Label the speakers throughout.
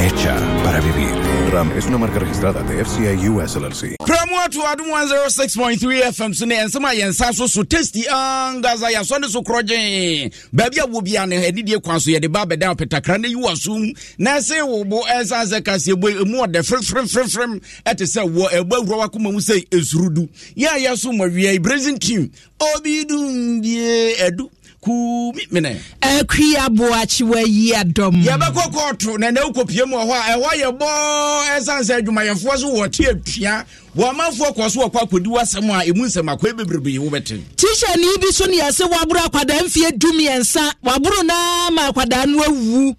Speaker 1: hecha para vivir. Ram es una marca registrada de FCI US LLC.
Speaker 2: Promoto Adum 106.3 FM so ne ensem ayensa so so tasty angaza ah, ya so ne oh, uh, uh, so kroje. Baabi a wo bia ne edidie kwan so ye de ba beda petakra ne yiwa so na se wo bo ensa se kase bo emu ode frefrem frefrem ete se wo egba wura wa kuma mu se ezurudu. Ya ya so mawie Brazilian team. Obi dum die edu kumi mene akui aboakye wayi adɔm yɛbɛkɔ kɔɔto na ɛnɛ wokɔpie mu wɔ hɔ a ɛhɔ yɛ bɔɔ ɛsiane sɛ adwumayɛfoɔ so wɔte atua wɔamanfoɔ kɔ so wɔkɔ akɔdi w'asɛm a ɛmu nsɛm akɔe bebrebee wobɛte
Speaker 3: tihyɛne bi so ne yɛse woaboro akwadaa mfie dumiɛnsa waboro naa ma akwadaa no awu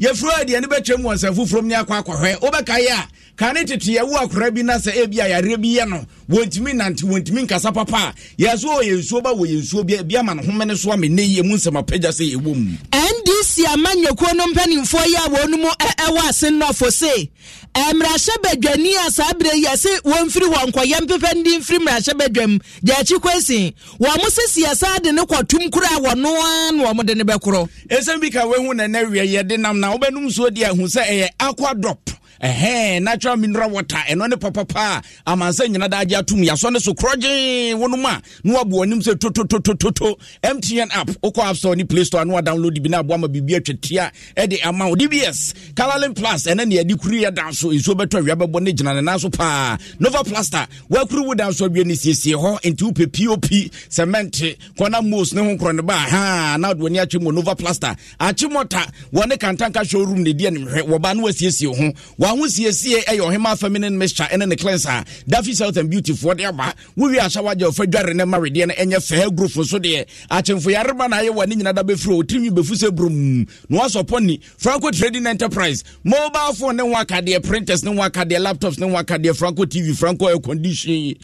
Speaker 2: yɛfuro adeɛ no bɛkyerɛ mu wɔ nsɛm foforom ne akɔ akɔhwɛ wobɛkaeɛ a kane tete yɛwo akora bi na sɛ ebi a yareɛ bi yɛ no wɔntumi nante wɔntumi nkasa papa a yɛso ɔyɛ nsuo ba wɔyɛ nsuo bi bi ama ne home ne so amene yie mu nsɛm apagya sɛ yɛwɔ mu
Speaker 3: ndc amannyɔkuo no mpanimfoɔ yi a wɔn mu ɛwɔ ase nnɔfo se mmarahyɛ badwani a saa berɛ yi ɛse wɔmfiri wɔn nkɔyɛ mpepɛ ndi mfiri mmarahyɛ badwam gyaakyi kwasi wɔn mo sisi ɛsa de ne kɔtum kura a no noa na wɔn de ne bɛkorɔ esɛm bi ka wehu na ɛnɛ wiɛ
Speaker 2: yɛde nam na wobɛnum nsuo deɛ ɛho sɛ ɛyɛ aqua drop ɛhɛn natural mineral water ɛno ne papapa a amansa nyina da agye atom yɛasɔ ne so korɔgye wonom a na wabu anim sɛ tototototo mtn app wokɔ app store ne play store na wadownload bi na aboa ma biribi atwatia ɛde ama wo dbs calalin plus ɛne ne ade kuru yɛ da so nsuo bɛtɔ awia bɛbɔ ne gyina ne nan so paa nova plaster wakuru wo da so awie ne siesie hɔ nti wopɛ pop cement kɔna mos ne ho nkorɔ ne ba ha na wode w'ani akye nova plaster akye mɔta wɔne kantanka showroom ne deɛ ne mhwɛ wɔba ne wasiesie ho wɔaho siesie ɛyɛ ɔhema feminine mixture ɛne ne cleanser dafi south and beauty foɔ de aba wowie ahyɛ wagya ɔfa dware ne maredeɛ no ɛnyɛ fɛɛ gurufo so deɛ akyemfo yareba na ayɛ wɔ ne nyina da bɛfiri ɔtirinwi bɛfu sɛ brom na wasɔpɔ ni franco trading enterprise mobile phone ne ho akadeɛ printers ne ho akadeɛ laptops ne ho akadeɛ franco tv franco air condition ɛne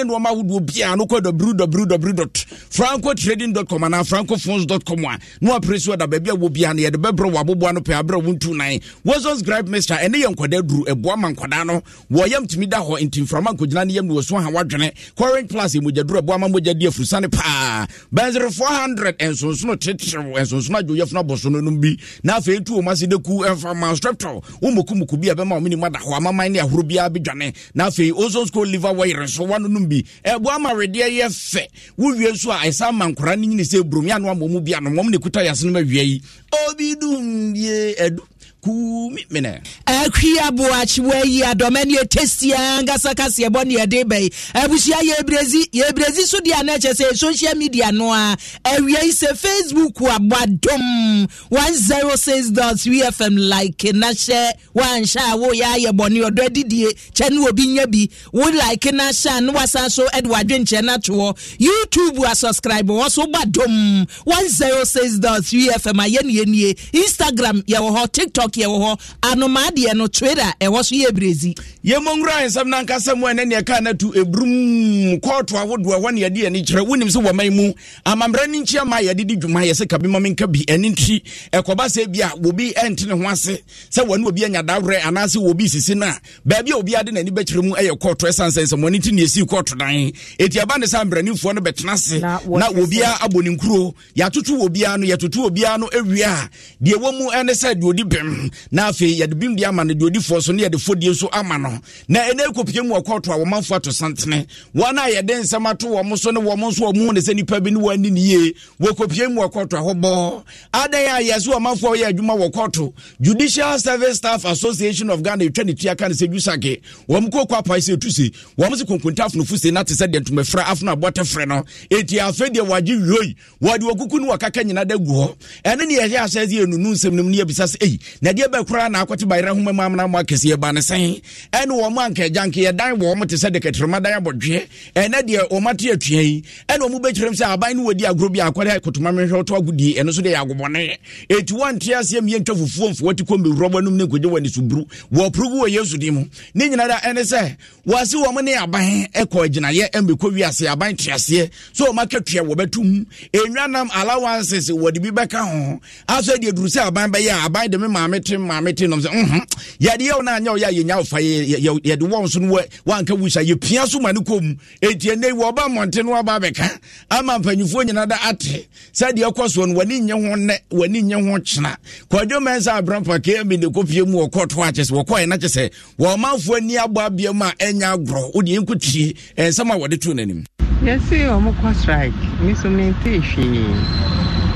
Speaker 2: nneɛma ahodoɔ biara no kɔ www.francotrading.com anaa francophones.com a na wapere so da baabi a wɔ biara no yɛde bɛbrɛ wɔ aboboa no pɛ aberɛ wo ntu nan wɔsubscribe mr ɛne yɛ nkɔ nkwadaa duru ɛboa ma nkwadaa no wɔyam tumi da hɔ nti mframa nkɔgyina ne yam no wɔso ha wadwene current plus mogya duru ɛboa ma mogya di afurusane paa bɛnsere 400 nsonsono tetew nsonsono adwo yɛfono abɔ no nom bi na afei tu ɔma se dɛku mfama streptol womɔkumɔku bi a bɛma ɔmenim ada hɔ amaman ne ahoro biara bɛdwane na afei ozone school liver wɔyere so wanonom bi ɛboa ma wedeɛ yɛ fɛ wowie nso a ɛsa ma nkora no nyini sɛ burumi anoa mmɔmu bi anomɔm ne kuta yɛaseno ma awia yi obi dum
Speaker 3: bie ɛdu
Speaker 2: kuumene
Speaker 3: ahwi aboakye woayi adɔma ne ɛtɛsia nkasa kaseɛ bɔ ne yɛde bɛyi abusua yɛbrezi yɛbrezi so deɛ ana ɛkyɛ sɛ social media no a awiei sɛ facebook aboadom 106 wfm like na hyɛ woanhyɛ a woyɛ ayɛ bɔne ɔdɔ adidie kyɛ ne obi nya bi wo like na hyɛ a ne wasan so de wadwenkyɛ no atoɔ youtube a subscribe wɔ so wobadom 106 wfm a yɛne yɛnie instagram yɛwɔ hɔ tiktok stock ɛwɔ hɔ anoma deɛ no trade a ɛwɔ so yɛ brezi. yɛmɔ nwura nsɛm
Speaker 2: nankasa mu ɛnɛ neɛ kaa no atu ɛburum kɔɔto ahodoɔ ɛhɔ ne yɛde ani kyerɛ wonim sɛ wɔman mu amammerɛ no nkyi ama yɛde di dwuma yɛ sɛ ka bi ma menka bi ɛne nti ɛkɔba sɛ bi a wobi ɛnte ne ho ase sɛ wɔne obi anya dawerɛ anaasɛ wɔbi sisi no a baabi a obiade n'ani bɛkyerɛ mu ɛyɛ kɔɔto ɛsiane sɛ nsɛmmɔne ti ne ɛsii kɔɔto dan ɛti aba ne sɛ mmeranifoɔ no bɛtena ase na wɔbiaa abɔ ne nkuro yɛatoto wɔbiaa no yɛtoto wɔbiaa no awie a deɛ wɔ mu ɛne sɛ deɛ ɔdi bɛm na afei yɛde bim deɛ ama no deɛ ɔdifoɔ so ne yɛde fɔdie nso ama no na ɛnɛ ɛkɔpie mu ɔkɔɔto a wɔmanfo ato santene wɔn a yɛde nsɛm ato wɔn so ne wɔn nso wɔn ne sɛ nipa bi ne wɔn ani ne yie wɔkɔpie mu ɔkɔɔto ahɔbɔ adan a yɛso wɔmanfo a wɔyɛ adwuma wɔ kɔɔto judicial service staff association of ghana etwa ne tua ka ne sɛ jusake wɔn kɔ kɔ apae sɛ etu se wɔn se konkonta afunufo se na te sɛ deɛ ntoma fira afuna abɔte fira no eti afɛ deɛ wagye wioi wɔde wɔkuku ne wɔkaka nyinaa da gu hɔ ɛne ne yɛhyɛ ahyɛ sɛ yɛ nunu nsɛm no mu ne yɛbisa sɛ eyi na deɛ bɛkora na akɔte bayera ho mamu amena mu akɛseɛ ba ne sɛn ɛne wɔ mo anka agyankeɛ dan wɔ mo te sɛ de katirima dan abɔdweɛ ɛnɛ deɛ wɔm ate atua yi ɛne ɔmo bɛkyerɛm sɛ aban no wadi agorɔ bi akɔde akotoma mehwɛ wotɔ agodie ɛno so de yɛ agobɔne ɛti wɔnte aseɛ mmiɛ ntwa fufuo mfo wati kɔ mmɛwurɔ bɔnom ne nkogye wɔ ne suburu wɔporogu wɔ yesu din mu ne nyina da ɛne sɛ wɔase wɔ mo ne aban ɛkɔ agyinaeɛ ɛmbɛkɔ wiase aban teaseɛ so ɔmaka tua wɔbɛtom ɛnwanam e allowances wɔde bi bɛka ho asɔ e deɛ duru sɛ aban bɛyɛ a aban de me maame mete maame te nom sɛ yɛdeɛ wo no anyɛ woyɛ a yɛnya wofa yɛde wɔ so no woanka wusa yɛpia so ma no e kɔ e mu ɛnti ɛnɛ wɔ ɔba mmɔnte no waba abɛka ama mpanyifoɔ nyina da ate sɛ deɛ ɛkɔ soɔ no w'ani nyɛ ho nnɛ w'ani nyɛ ho kyena kwadwo mɛn sɛ abrampa kmi ne kɔpie mu wɔkɔ to akyɛ sɛ wɔkɔɛ na kyɛ sɛ wɔmanfoɔ ani abɔ abia mu a ɛnya agorɔ wode yɛnkɔ tie ɛnsɛm a wɔde too no anim
Speaker 4: yɛse ɔmokɔ strike me so mente hwee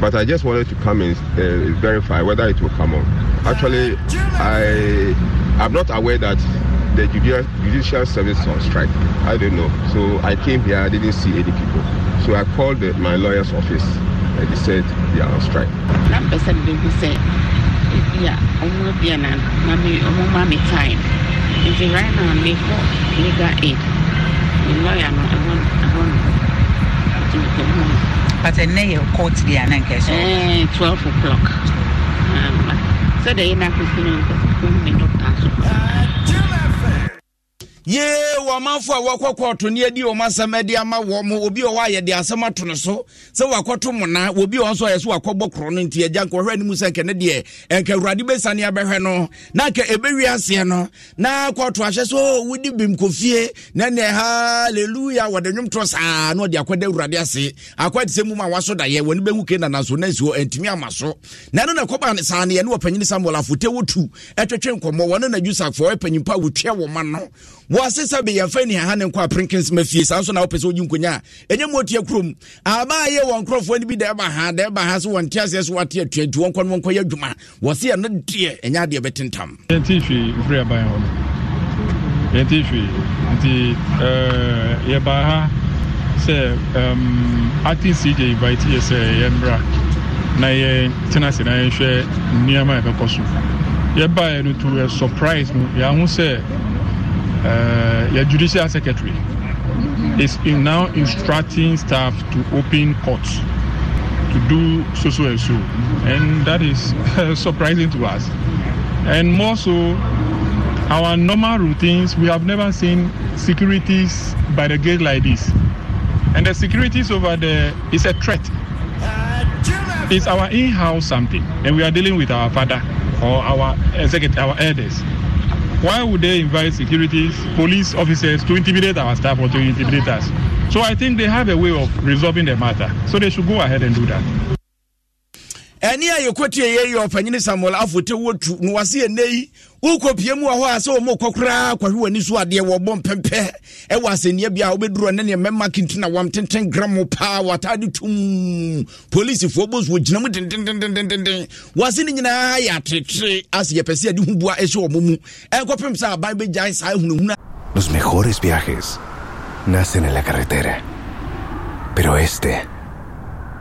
Speaker 5: But I just wanted to come and uh, verify whether it will come on. Actually, I I'm not aware that the judicial service on strike. I don't know. So I came here. I didn't see any people. So I called the, my lawyer's office, and he said they are on strike.
Speaker 4: That person who said, "Yeah, I'm not be an mommy, mommy time." If you right now make legal aid, the lawyer, I want, I want to go home. but ɛnɛ yɛ court deɛ ana nkɛ so twelve o'clock sɛdeɛ yɛ na akɔsi no nkɔ kɔhu me doctor so ah,
Speaker 2: ye wɔn amanfo a wɔkɔ kɔɔto ne adi wɔn asɛm adi ama wɔn obi wɔ hɔ a yɛde asɛm ato no so sɛ wakɔto mo na obi wɔ nso a yɛ so wakɔbɔ korɔ no nti agya nkɔhwɛ anim sɛ nkɛ ne deɛ nkɛ awurade bɛsane abɛhwɛ no na nkɛ ebɛwi aseɛ no na kɔɔto ahyɛ so oh, wodi bim kofie na ne hallelujah wɔde nwom tɔ saa na wɔde akɔda awurade ase akɔda sɛ mu ma waso da yɛ wɔn bɛhu kena na so na nsuo ntumi ama so na ɛno na kɔba saa ne yɛ ne panyini samuel afote wotu ɛtwetwe nkɔmɔ wɔn na yusak fɔ ɛpanyinpa wotua wɔn ma no wɔase sɛ bi yɛmfa ni haha ne nkɔ aprenkensema fie saa nso na wopɛ sɛ wogyi nkonya a ɛnyɛ mu ɔtia kurom abaayɛ wɔ nkurɔfoɔ no bi da ɛba ha da ɛba ha sɛ wɔnte aseɛ so wate atua nti wɔnkɔ no wɔnkɔyɛ adwuma wɔse yɛ no deɛ ɛnyɛ adeɛ bɛtentam
Speaker 6: yɛnte hwee mfiri aban hɔ no yɛnte hwee nti eh, yɛbaa ha sɛ ehm, acting cj invite yɛ sɛ yɛmmra na yɛtena se na yɛhwɛ nneɛma a ɛbɛkɔ so yɛbaeɛ no to ɛ surprise no yɛaho sɛ The uh, your judicial secretary is in now instructing staff to open courts to do so so and so and that is surprising to us and more so our normal routines we have never seen securities by the gate like this and the securities over there is a threat it's our in-house something and we are dealing with our father or our executive our elders why would they invite securities, police officers to intimidate our staff or to intimidate us? So I think they have a way of resolving the matter. So they should go ahead and do that.
Speaker 2: ɛne a yɛkɔtie yɛ yɛ samuel afote wɔtu no wase ɛnɛ yi wokɔpie mu wɔ hɔ a sɛ ɔmɔkɔ koraa kɔhwe w'ani so adeɛ wɔbɔ mpɛmpɛ ɛwɔ asɛnnia bia wobɛduru ne neɛ mɛma kentina wam tenten gram paa wɔatade tum polisifoɔ bos wɔgyina mu dendendendenden wase no nyinaa yɛ atetere ase yɛpɛ sɛ ade ho bua ɛhyɛ ɔmo mu
Speaker 1: ɛnkɔpem sɛ aban bɛgyae saa ahunahuna Los mejores viajes nacen en la carretera pero este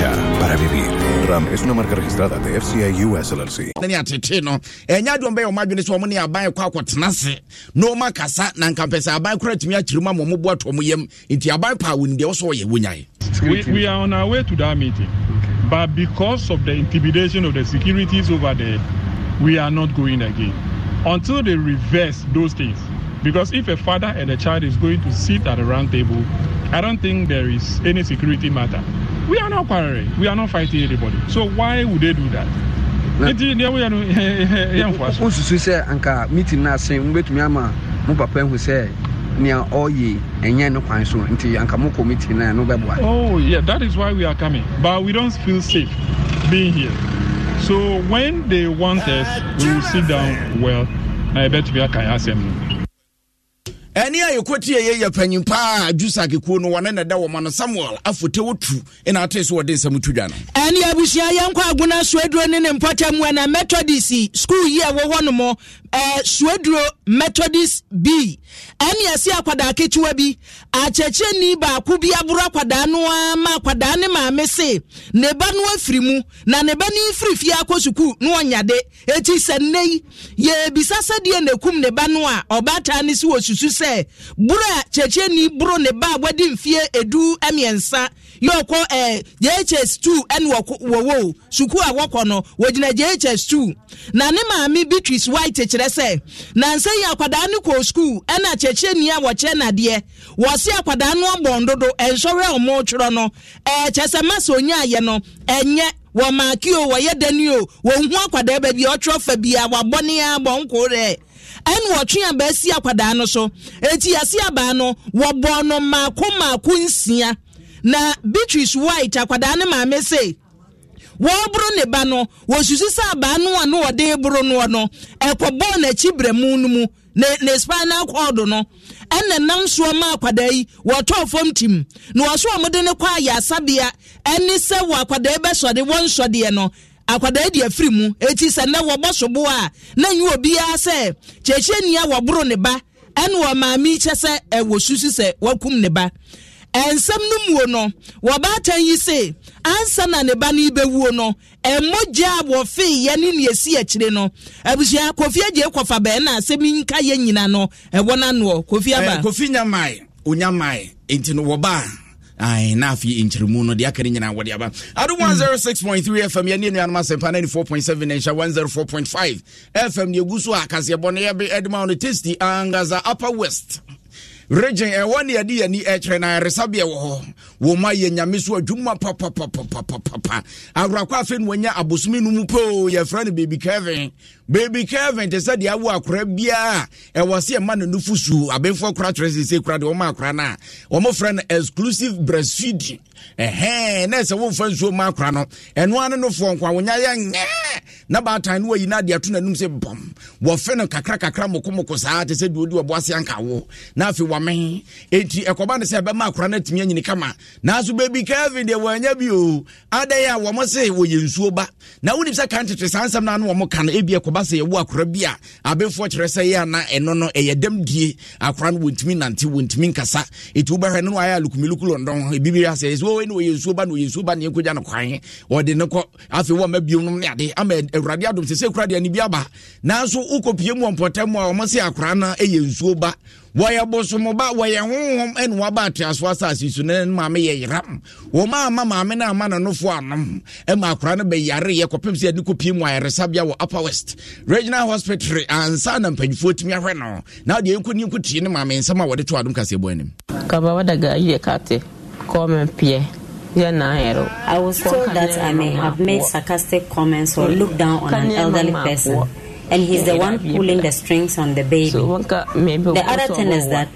Speaker 1: para vivir. Ram es una marca registrada de US LLC.
Speaker 2: no, enya o madwene so aban kwa No na nkampesa aban mo ato mo aban pa wo so ye wonyae.
Speaker 6: We, we are on our way to that meeting. But because of the intimidation of the securities over there, we are not going again. Until they reverse those things. Because if a father and a child is going to sit at a round table I don't think there is any security matter. We are not quarreling. We are not fighting anybody. So why would they do that? nti deɛ woyɛ no yɛmfoa so wosusu sɛ anka meeting no
Speaker 7: ase mobɛtumi ama mo papa hu sɛ nea ɔyɛ ɛnyɛ no kwan so nti anka
Speaker 6: mokɔ meeting no a no bɛboa oh yeah that is why we are coming but we don't feel safe being here so when they want us we will sit down well na yɛbɛtumi
Speaker 2: aka yɛ asɛm no ɛne a yɛkɔtie yɛ yɛ panyin paa adwusak kuo no
Speaker 3: wɔne ne da wɔ ma no samuel afote wo tu ɛna
Speaker 2: ate so wɔde nsɛm to dwa no
Speaker 3: ɛne abusua yɛnkɔ agona soaduro ne ne mpɔtam wɛna methodis skuul yi a wɔhɔ no mɔ eh, suaduro methodist b ɛne ɛsi akwadaa ketewa bi akyɛkyɛni baako bi aboro akwadaa no ara ma akwadaa ne maame se ne ba no afiri mu na ne ba no firi fie akɔ sukuu na ɔnyade eti sɛ nne yi yɛbisa sɛdeɛ na ekum ne ba no a ɔbaatan ne si wɔ susu sɛ boro a kyɛkyɛni boro ne ba a wɔadi mfie edu mmiɛnsa yɛ ɔkɔ eh, jhs 2 ɛna wɔwɔ sukuu a wɔkɔ no wɔgyina jhs 2 na ne maame beatrice white kyerɛ sɛ nansa yi akwadaa no kɔ sukuu ɛna a wɔkyerɛ nadeɛ akwadaa no dodo ɛnsɔre a sɛ no ɛnyɛ wɔ maaki o wɔyɛ dani o wɔn ho akwadaa baabi a ɔtwerɛ fa ɛna wɔtwe si akwadaa no so eti asi abaa no wɔbɔ no maako maako nsia na beatrice white akwadaa ne maame se wɔreboro ne ba no wɔsusu sɛ abaa no a no wɔde boro noɔ no ɛkɔbɔɔ n'akyi brɛmu no mu ne ne spinal cord no ɛna nam soɔ ma akwadaa yi wɔtɔɔ fam tim na wɔso a wɔde ne kɔ ayɛ asabea ɛne sɛ wɔ akwadaa bɛsɔde wɔn nsɔdeɛ no akwadaa deɛ firi mu eti sɛ na wɔbɔ sobo a na nyi obiara sɛ kyekye nia wɔboro ne ba ɛna wɔn maame yi kyɛ sɛ ɛwɔ susu sɛ wɔkum ne ba. nsɛm no muo no wɔbaatan yi se ansa na ne ba no yibɛwuo no mmogya a wɔfee yɛ ne nea akyire no abusua kofi agye kɔfa bɛn na asɛm nka yɛ nyina no ɛwɔ n'ano kofi aba. Eh, kofi nyamae onyamae nti no wɔba
Speaker 2: ayi no deɛ aka ne wɔde aba ado hmm. one zero oh six point three fm yɛn ne nuanom asɛmpa ninety four point seven nhyɛ one zero oh four point five fm deɛ so a no yɛ ma no tasty angaza upper west. regin ɛwɔ eh, ne yɛde yɛni eh, ɛkyerɛ na ɛresabeɛ wɔ hɔ wɔ ma yɛ nyame so adwuma papapapapapa awurakɔ afei ne wanya abosome no mu poo yɛfrɛ no baabi kevin baby kevin te sɛ deɛ awo akora biara ɛwɔ eh, sɛ ɛma no nufu su abɛnfoɔ kora kyerɛ sese kora deɛ wɔn akora no a wɔn frɛ no exclusive breastfeeding ɛhɛn na ɛsɛ wɔmfa nsuo ma akora no ɛno ano no foɔ nkwa wɔnya yɛ nyɛɛ na baatan no wayi no adeɛ ato n'anim sɛ bɔm wɔfɛ no kakra kakra mokomoko saa te sɛ deɛ ɔdi ɔbo ase anka wo na afei wɔme enti ɛkɔba no sɛ ɛbɛma akora no atumi anyini kama nanso baby kevin deɛ wɔanya bi o adɛn a wɔn se wɔyɛ nsuo ba na wonim sɛ kan tete saa nsɛm no ano wɔn ka no ebi ɛkɔba aba sɛ yɛwo akora bi a abɛfoɔ kyerɛ sɛ yɛ ana ɛno no ɛyɛ dɛm die akora no wɔntumi nante wɔntumi nkasa ɛti wobɛhwɛ no no ayɛ alukumiluku lɔndɔn bibiri asɛ ɛsɛ wɔwɔ ne wɔyɛ nsuo ba na wɔyɛ nsuo ba na yɛnkɔgya no kwan ɔde ne kɔ afei wɔma biom nom ne ade ama awurade adom sɛ sɛ kura deɛ ne bi aba nanso wokɔpie mu ɔmpɔtam mu a ɔmo sɛ akora no ɛyɛ nsuo ba wɔyɛ bosomoba wɔyɛ honhom ɛne waba ateaso asase so na maame yɛ yeram wɔma ama maame no ama nanofo anom ɛma akora no bɛyare yɛ kɔpem sɛ yɛde kɔpie mu ayaresabea wɔ upper west regional hospital ansa na mpanyifoɔ tumi ahwɛ no na deɛ yɛnkɔni nkɔtie ne maame nsɛm a wɔde to adom kaseɛbɔ anim
Speaker 4: kaba wadaga yɛ kate kɔmempeɛ I was told that
Speaker 2: I may have made sarcastic
Speaker 4: comments or looked down on an elderly person. and he's the one pulling the strings on the baby. The other thing is that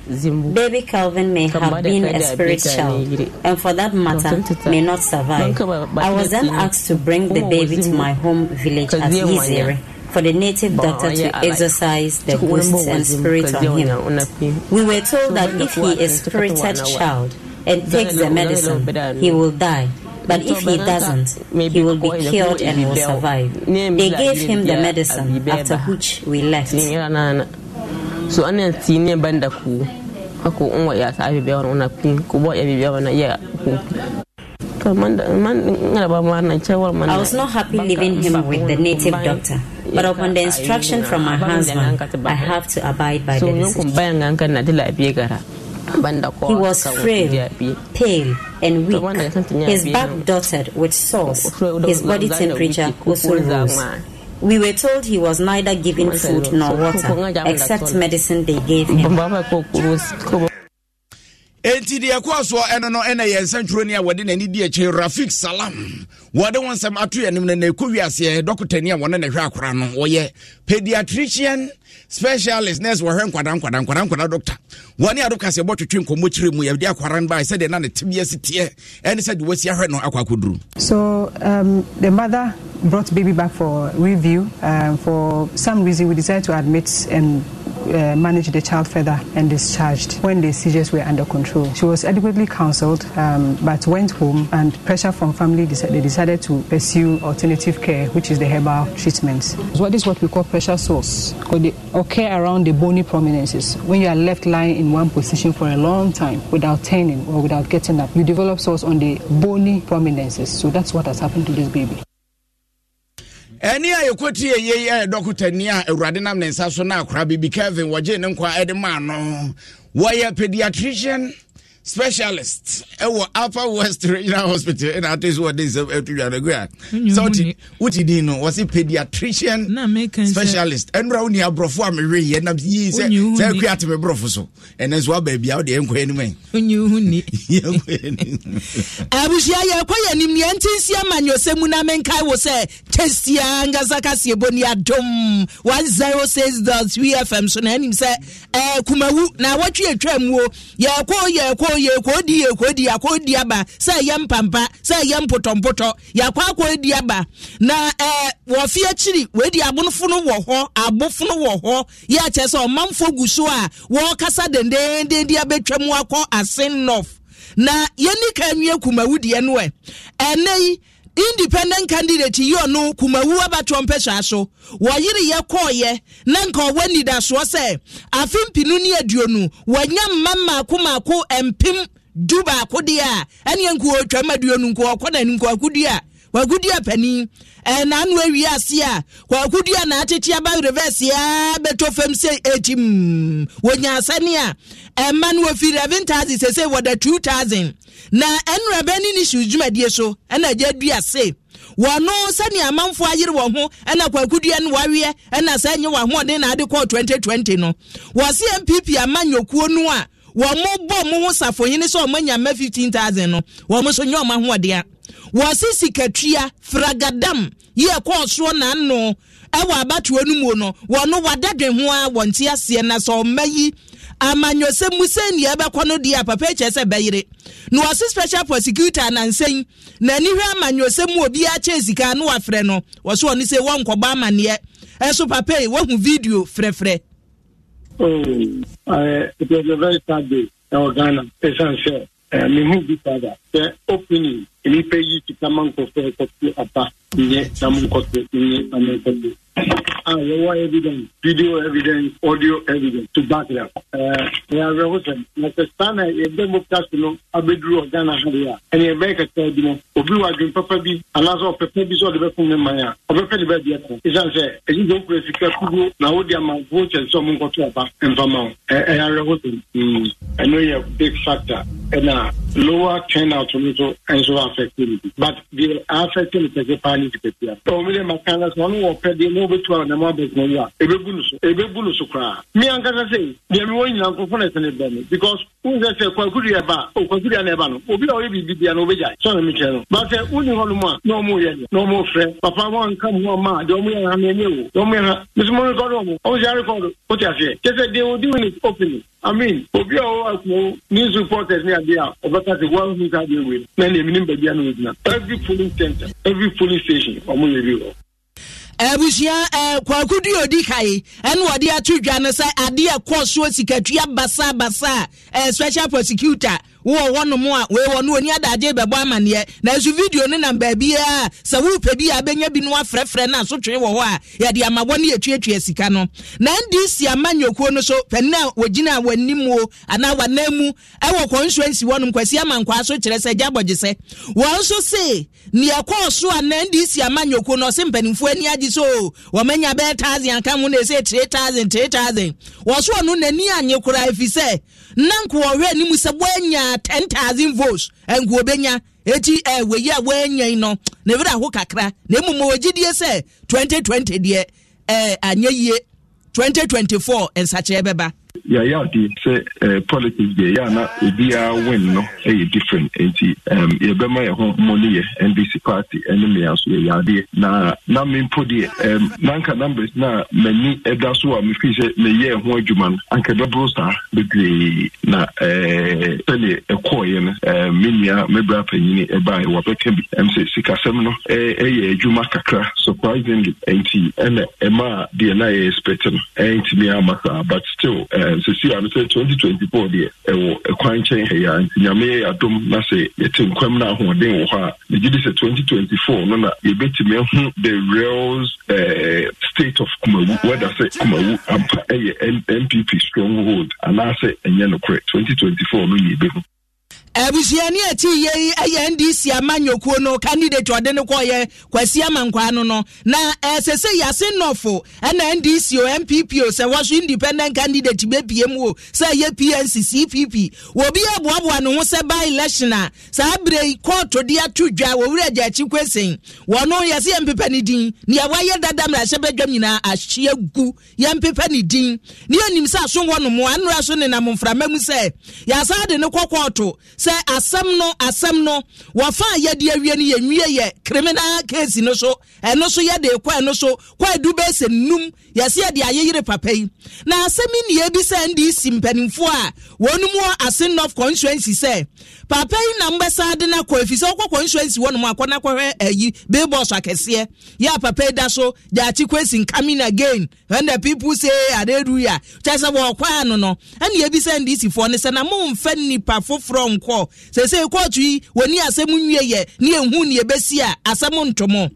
Speaker 4: baby Calvin may have been a spirit child, and for that matter, may not survive. I was then asked to bring the baby to my home village at Izere for the native doctor to exorcise the ghosts and spirit on him. We were told that if he is a spirited child and takes the medicine, he will die. But if he doesn't, he will be killed and will survive. They gave him the medicine, after which we left. So, ako unwa ya sa na bo ya na ya I was not happy leaving him with the native doctor, but upon the instruction from my husband, I have to abide by the decision. He was frail, pale, and weak. His back dotted with sores. His body temperature was rose. We were told he was neither given food nor water, except medicine they gave him.
Speaker 2: enti deɛ ɛkɔɔ soɔ ɛno no ɛna yɛ nsɛntwerɛni a wɔde n'ani di akyiri rafik salam wɔde wɔn nsɛm ato yɛ nim no na ɛkɔ wiaseɛ dɔkotani a wɔne ne hwɛ akora no wɔyɛ pediatrician specialist nurse wɔ nkwadaa nkwadaa nkwadaa nkwadaa doctor wɔn ne adokasi ɛbɔ twitwi nkɔmɔ kyerɛ mu yɛde akwara no baa sɛdeɛ na ne tem yɛsi teɛ ɛne sɛdeɛ wɔsi ahwɛ no akɔ akɔduru.
Speaker 8: so um, the mother brought baby back for review um, for some reason we decided to admit and. Uh, managed manage the child further and discharged when the seizures were under control. She was adequately counseled um, but went home and pressure from family they decided to pursue alternative care which is the herbal treatments. So what is what we call pressure source or, care around the bony prominences. When you are left lying in one position for a long time without turning or without getting up, you develop source on the bony prominences. So that's what has happened to this baby.
Speaker 2: ɛne a yɛkɔti ɛyɛ yɛ dɔkotani a awurade nam ne nsa so no akora bibi kevin wɔgye ne nkwa de maa no wɔyɛ pediatrician specialist ɛwɔ upper west regional hospital ɛna eh, ato so wɔde nsɛm ɛto dwadagu a
Speaker 9: sɛ wote
Speaker 2: wote din no wɔse pediatrician specialist ɛnora wo ni aborɔfo a meweyɛ nam yii sɛ sɛ akui ate me borɔfo so ɛnɛ nso wobaabia wode ɛnkɔ anim ɛ
Speaker 3: abusua yɛkɔ yɛ anim neɛ nti nsi ama nyɛsɛ mu na menkae wo sɛ kyɛsia nkasa kaseɛbɔ ni adom 106.3 fm so na anim sɛ eh, kumawu na wɔtwe atwa muo yɛkɔ yɛkɔ yɛ kɔɔdi yɛ kɔɔdi di aba sɛ ɛyɛ mpampa sɛ ɛyɛ mpotɔmpotɔ yɛakɔ di aba na ɛɛ wɔfi akyiri wɔadi abonofono wɔ hɔ abofono wɔ hɔ yɛ akyɛ sɛ ɔmanfoɔ gu so a wɔrekasa dendeenden di abɛtwa mu akɔ asen north na yɛni nika nwie kumawu deɛ no ɛ ɛnɛ yi independent candidate yi ɔno kumawu abatɔ mpɛhyɛ so wɔyere yɛ kɔɔyɛ na nka ɔwɔ nidasoɔ sɛ afe mpinu ne aduonu wɔanya mma mmaako mmaako mpem du baako deɛ a ɛneɛ nkuo twam aduonu nkuo ɔkɔ na nkuo akodua a pani wakudua panin ɛnanu awie ase a wakudua na atete aba reverse ya beto fem se etim wonya asani a ɛma eh, no wofi eleven thousand sese wɔda two thousand na ɛnura bɛni ne su dwumadie so ɛna gya dua se wɔn sani amanfo ayere wɔn ho ɛna kwakudua no waweɛ ɛna sɛ nye wɔn ahoɔden na ade kɔɔ 2020 no no wɔsi npp ama nyokuo no a wɔn bɔ wɔn ho safohene sɛ wɔn anya mɛ 15000 thousand no wɔn nso nye wɔn ahoɔden a. wɔse sikatua fragadam yi kɔɔ soro nanno ɛwɔ abatoɔ no mu no wɔno wadadwen ho a wɔnte aseɛ na sɛ ɔma yi amanyɔsɛm mu ɛbɛkɔ no deɛ a papa kyerɛ sɛ bɛyere na special prosecutor anansɛn na hwɛ amanyɔsɛm mu obiara sika no wafrɛ no wɔso papa yi video frɛfrɛ
Speaker 10: Oh, hmm. eh, uh, it very sad day in Ghana. mehu bi sada sɛ opening nnipa yi kita il nkɔfo to mon côté, a ah, yɛwɔ evidence video evidence audio evidence to back it up yɛawerɛho sɛm na sɛ saa na yɛbɛ mu kase no abɛduru ɔghana ha deɛ a ɛne yɛbɛyɛ kasaa bi no obi wɔ adwen papa bi anaasɛ ɔpɛpɛ bi sɛ ɔde bɛfom ne man a ɔbɛpɛ ne baabi ɛkɔ ɛsiane sɛ ɛgye sɛ wokura sika kugo na wode ama vokyɛ sɛ ɔmo nkɔto aba mfama wo ɛyɛawerɛho sɛm ɛno big factor ɛna uh, lower turnout no nso nso affected but deɛ affected no kɛse paa ne sikapia ɔmo deɛ maka na sɛ ɔno mu obetuma na mu abɛnkuma yi a ebebu no so ebebu no so koraa mi ankasa sɛ deɛ mi wɔ nyinaa nkorofo na ɛsɛn ebɛ mi because n sɛ sɛ kwakudu yɛ e ba o kwakudu yɛ na ɛba e no obi a ɔyɛ biribi bia no obegya e. sɔɔni mi kyerɛ no baasɛ wuli hɔ nom a na ɔmo yɛ no na ɔmo frɛ papa wɔn nka mu wɔn ma deɛ ɔmo yɛ ha mi wo deɛ ɔmo yɛ ha misimu rekɔdu ɔmo ɔmo sɛ rekɔdu o ti aseɛ kyɛ sɛ deɛ odi wini opening I mean, obi a ɔwɔ akuo ne supporters ne adeɛ a ɔbɛka sɛ wɔn ho nsa adeɛ wei na ne emi ne baabi a na every polling center every polling station ɔmo yɛ bi
Speaker 9: wɔ
Speaker 3: abusua eh, kwaku di odi kae ɛna wɔde ato dwa no sɛ adeɛ ɛkɔɔ soɔ sikatua basabasa eh, special prosecutor wowɔ hɔnom a weiwɔ no ɔni adagye bɛbɔ amanneɛ nanso video no nam baabiaa sɛ worepɛ bi a bɛnya bi no afrɛfrɛ no asotwe wɔ hɔ a yɛde ama wɔ ne yɛtuatua sika no na ndc ama nnyokuo no so pɛne a wɔgyina w'anim o anaa w'anan mu ɛwɔ consuency hɔnom kwasi ama nkwaa so kyerɛ sɛ gya bɔgye sɛ wɔn nso se neɛ kɔɔ so a na ndc ama nnyokuo no ɔse mpanimfoɔ ani agye so o wɔmanya bɛyɛ thousand anka ho na ɛsɛ three thousand three thousand wɔso ɔno n'ani anye koraa ɛfiri sɛ nanko wɔhwɛ anim sɛ wɔanya ten thousand votes. ngu obenya eti eh, wei a wɔanyɛn no na ebi ho kakra na emu ma wɔgyidie sɛ twenty twenty deɛ eh, anyɛ yie twenty twenty four nsakyerɛ bɛba
Speaker 11: yàyà ọdí sẹ ẹ politics yẹ yà na obiara win no ẹ yẹ different nti yẹ bẹ ma yẹ ho mo ni yẹ ndc party ẹni mi aso yẹ na na mi mpo deɛ ɛm nanka numbers na m'ani ɛda so a mi fi sɛ mi yɛ ɛho adwuma no anka bɛboro saa bebree na ɛɛ eh, sɛdeɛ ɛkɔɔyɛ no ɛɛ mi nua mi bra panyini ɛbaa yɛ wabɛka bi ɛm sɛ sikasɛm no ɛɛ ɛyɛ adwuma kakra surprisingly nti ɛna ɛmaa deɛ na yɛ expect no ɛyɛ ntumi ama saa but still sisi a mesɛ 2024 deɛ ɛwɔ ɛkwan nkyɛn ha yɛa nyame yɛ yɛadom na sɛ yɛte nkwam no ahoɔden wɔ hɔ a megye di sɛ 2024 no na yɛbɛtumi ahu the reals eh, state of kumawu whether sɛ kumawu ampa ɛyɛ eh, npp stronghold anaasɛ ɛnyɛ nokorɛ 2024 no yɛbɛhu
Speaker 3: abusua ne ɛti yie yi ɛyɛ ndc amanyɔkuo no candidate ɔde ne kɔɔyɛ kwasi amankwaa no no na ɛsɛsɛ eh, yase nɔfo ɛna ndc o npp o sɛ wɔso independent candidate bɛpie mu o sɛ ɛyɛ pnc cpp wɔbi aboaboa ne ho sɛ ba election a saa bere yi kɔɔto de ato dwa wɔwura gya akyi kwesin wɔno yɛsɛ yɛn pepa ne din nea wɔayɛ dada mmerɛ ahyɛ bɛdwam nyinaa ahyia gu yɛn pepa ne din ne yɛnim sɛ aso hɔ nom anora so nenam mframa mu sɛ yɛasa de ne kɔ kɔɔto sɛ asɛm no asɛm no wɔfa a yɛde awie no yɛnwie yɛ criminal case no so ɛno so yɛde kɔ ɛno so kɔ edu bɛsɛ num yɛsɛ yɛde ayeyere papa yi na asɛm yi nie bi sɛ ndc mpanimfoɔ a wɔn mu wɔ ase north constituency sɛ papa yi na mbɛsa de na kɔ efi sɛ ɔkɔkɔ insurance wɔ nom akɔ eyi bee billboards akɛseɛ ya a papa yi da so yaakyi kɔ esi nkamin again when the people say adeduya kyɛ sɛ wɔkɔ ano no ndị ebi sɛ ndc foɔ ne sɛ na mo nfɛ nipa foforɔ nkɔ sese kɔɔtu yi wɔni asɛm nwie yɛ ne ehu ne ebesi a asɛm ntomo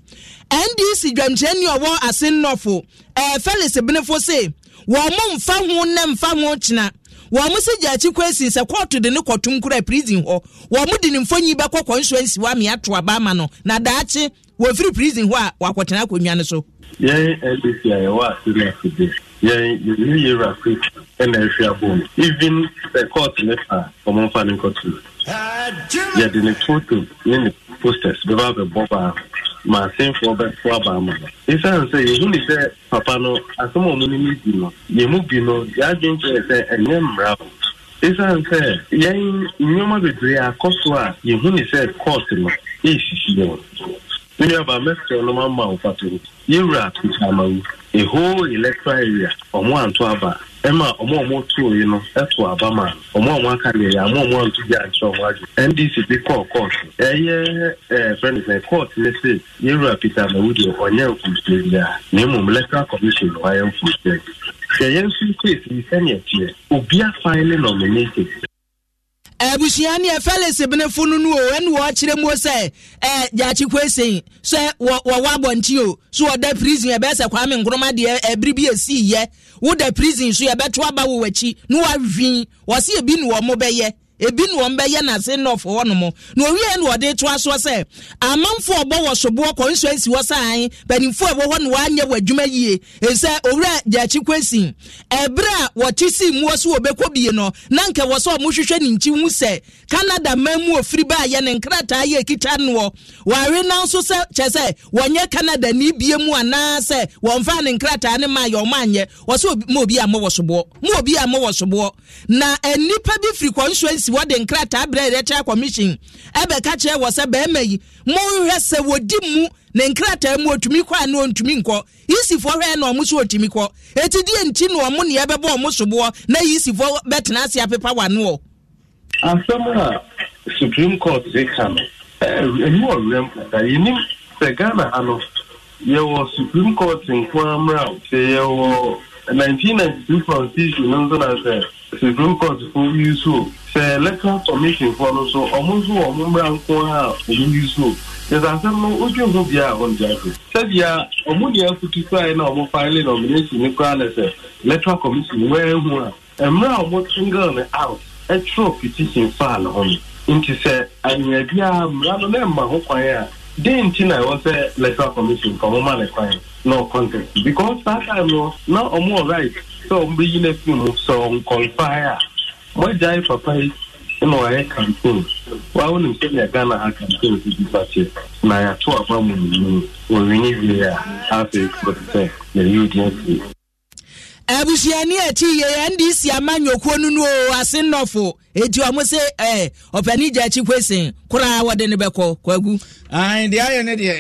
Speaker 3: ndc dwamkyerɛni ɔwɔ asen nɔfo ɛɛ eh, felix benefo se wɔn mo nfa ho ne nfa ho kyena. wɔn mo sɛ gya akyi kɔ esi sɛ kɔɔto de ne kɔtum kura prison hɔ wɔn mo de ne mfonyi bɛkɔ kɔnsuwansi hɔ amia to aba ama no na daakye wɔfiri prison hɔ a wakɔtena akonnwa no so.
Speaker 12: yɛn ndc a yɛwɔ ase na ase de yɛn yɛyi yɛ rafi ɛna ɛhwɛ abom even sɛ kɔɔto ne fa wɔn mfa ne nkɔto yɛde ne foto ne ne posters bɛba abɛbɔ baa ma asɛmfoɔ bɛfo aba ama no ɛsiane sɛ yɛhu ni sɛ papa no asɛm e a ɔmo no di no yɛmu bi no yɛadwen kyerɛ sɛ ɛnyɛ mmara o ɛsiane sɛ yɛn nneɔma bebree akɔ so a yɛhu ni sɛ kɔɔt no ɛɛsisi yɛn me nuaba mɛsrɛ no mama wo fato no yɛwura kutaama wu ɛhoo e electoral area ɔmo e anto aba ɛma ɔmo ɔmo tuo yi no ɛto aba ma ɔmo ɔmo aka deɛ yɛ ɔmo ɔmo anto gya nkyɛn ɔmo adwo ndc bi kɔɔ kɔɔto ɛyɛ ɛɛ fɛn fɛn kɔɔt ne se yɛwura peter mawudi ɔnyɛ nfunsie bi a na emu electoral commission no ayɛ nfunsie hwɛ yɛn nso keesi sɛnea teɛ obi afan ne nominated
Speaker 3: abusua ne felix benefo no no o ɛne wɔkyerɛ mu sɛ ɛ gyaakye kwesen sɛ wɔwɔ abɔnten o so wɔda prison ɛbɛyɛ sɛ kwame nkroma deɛ ɛbiri bi esii yɛ woda prison so yɛbɛto aba wɔ w'akyi na wɔahwin wɔsi ebi ne wɔn mo bɛyɛ ebi na wɔn bɛyɛ n'ase nnɔfo hɔnom na owie na wɔde to asoɔ sɛ amanfo ɔbɔ wɔ soboɔ kɔnsuansi wɔ san panimfo a ɛwɔ hɔ na wɔanyɛ wɔ adwuma yie esɛ owura kwa kwesi ɛbrɛ a wɔte si mu so wɔbɛkɔ bie no na nka wɔ sɛ ɔmo hwehwɛ ne nkyi hu sɛ canada man mu ofiri ba yɛ ne nkrataa yɛ ekita noɔ wɔare na nso sɛ kyɛ sɛ wɔnyɛ canada ni bie mu anaasɛ wɔnfa ne nkrataa ne maa yɛ ɔmo anyɛ wɔ sɛ mo obi a mo wɔ soboɔ mo obi a mo wɔ soboɔ na nipa bi firi kɔnsuansi si wɔde nkrataa berɛ electoral commission ɛbɛka kyerɛ wɔ sɛ bɛrima yi monhwɛ sɛ wɔdi mu ne nkrataa mu otumi kɔ a ne ontumi nkɔ yisifoɔ hwɛ na ɔmo so otumi kɔ eti deɛ nti na ɔmo neɛ bɛbɔ ɔmo soboɔ na bɛtena ase apepa asɛm a uh,
Speaker 12: supreme court de ka no sɛ ghana ha no yɛwɔ supreme court sɛ yɛwɔ constitution nso na supreme court fo yi so electoral commission fo no so ɔmo nso wɔ ɔmo mmra nko a ɔmo yi so yɛsɛ asɛm no odwe ho bia a na na electoral commission wɔn a mmerɛ a ɔmo tingle ne out ɛtwerɛ petition faa ne ho no nti sɛ anwea biara sɛ ɔmbɛyi no afi mu sɛ ɔnkɔmfae a moagyae papa yi na ɔyɛ campaign wawo nim sɛnea ghana ha campaign sisi fakyɛ na yɛato aba mu nyini wɔwene wie a afei kɔte sɛ yɛyɛ odi asie
Speaker 3: abusuani akyi yɛ ndc ama nnwokuo no no o ase nnɔfo eti ɔmo se ɛɛ ɔpɛni gya akyi kwesin koraa wɔde ne bɛkɔ kwagu. Mm, ayi deɛ ayɛ ne deɛ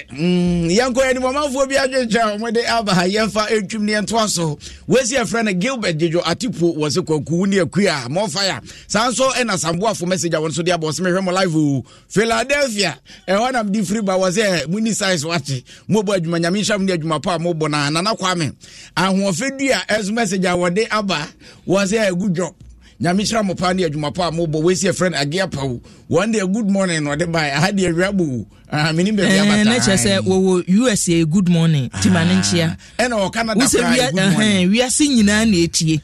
Speaker 3: yɛn kɔ ɛnimɔmanfoɔ bi
Speaker 2: adwedwa wɔn de aba ha yɛn fa etwim eh, ne yɛn to aso wesi ɛfrɛ no gilbert djedjo atipo wɔsi kwaku ne akuya mɔfaya saa nso ɛna eh, samboafo message a wɔn nso de aba ɔsɛmɛ mo live philadelphia eh, ɛhɔ nam di firi ba wɔsi ɛ ni size wakye mo bɔ adwuma nyame nhyɛm ne adwuma pa a mo bɔ na nana kwame ahoɔfɛ dua ɛso message a wɔde aba wɔsi ɛ gu dwɔ nyame hyira ne adwuma a mobɔ wɔsi no agea pa one day good morning ɔde bae aha deɛ awia bo Ah, eh, na kyerɛ sɛ
Speaker 3: wɔwɔ usa good morning tima ne ah,
Speaker 2: nkyea eh, wiase nyinaa na ɛtie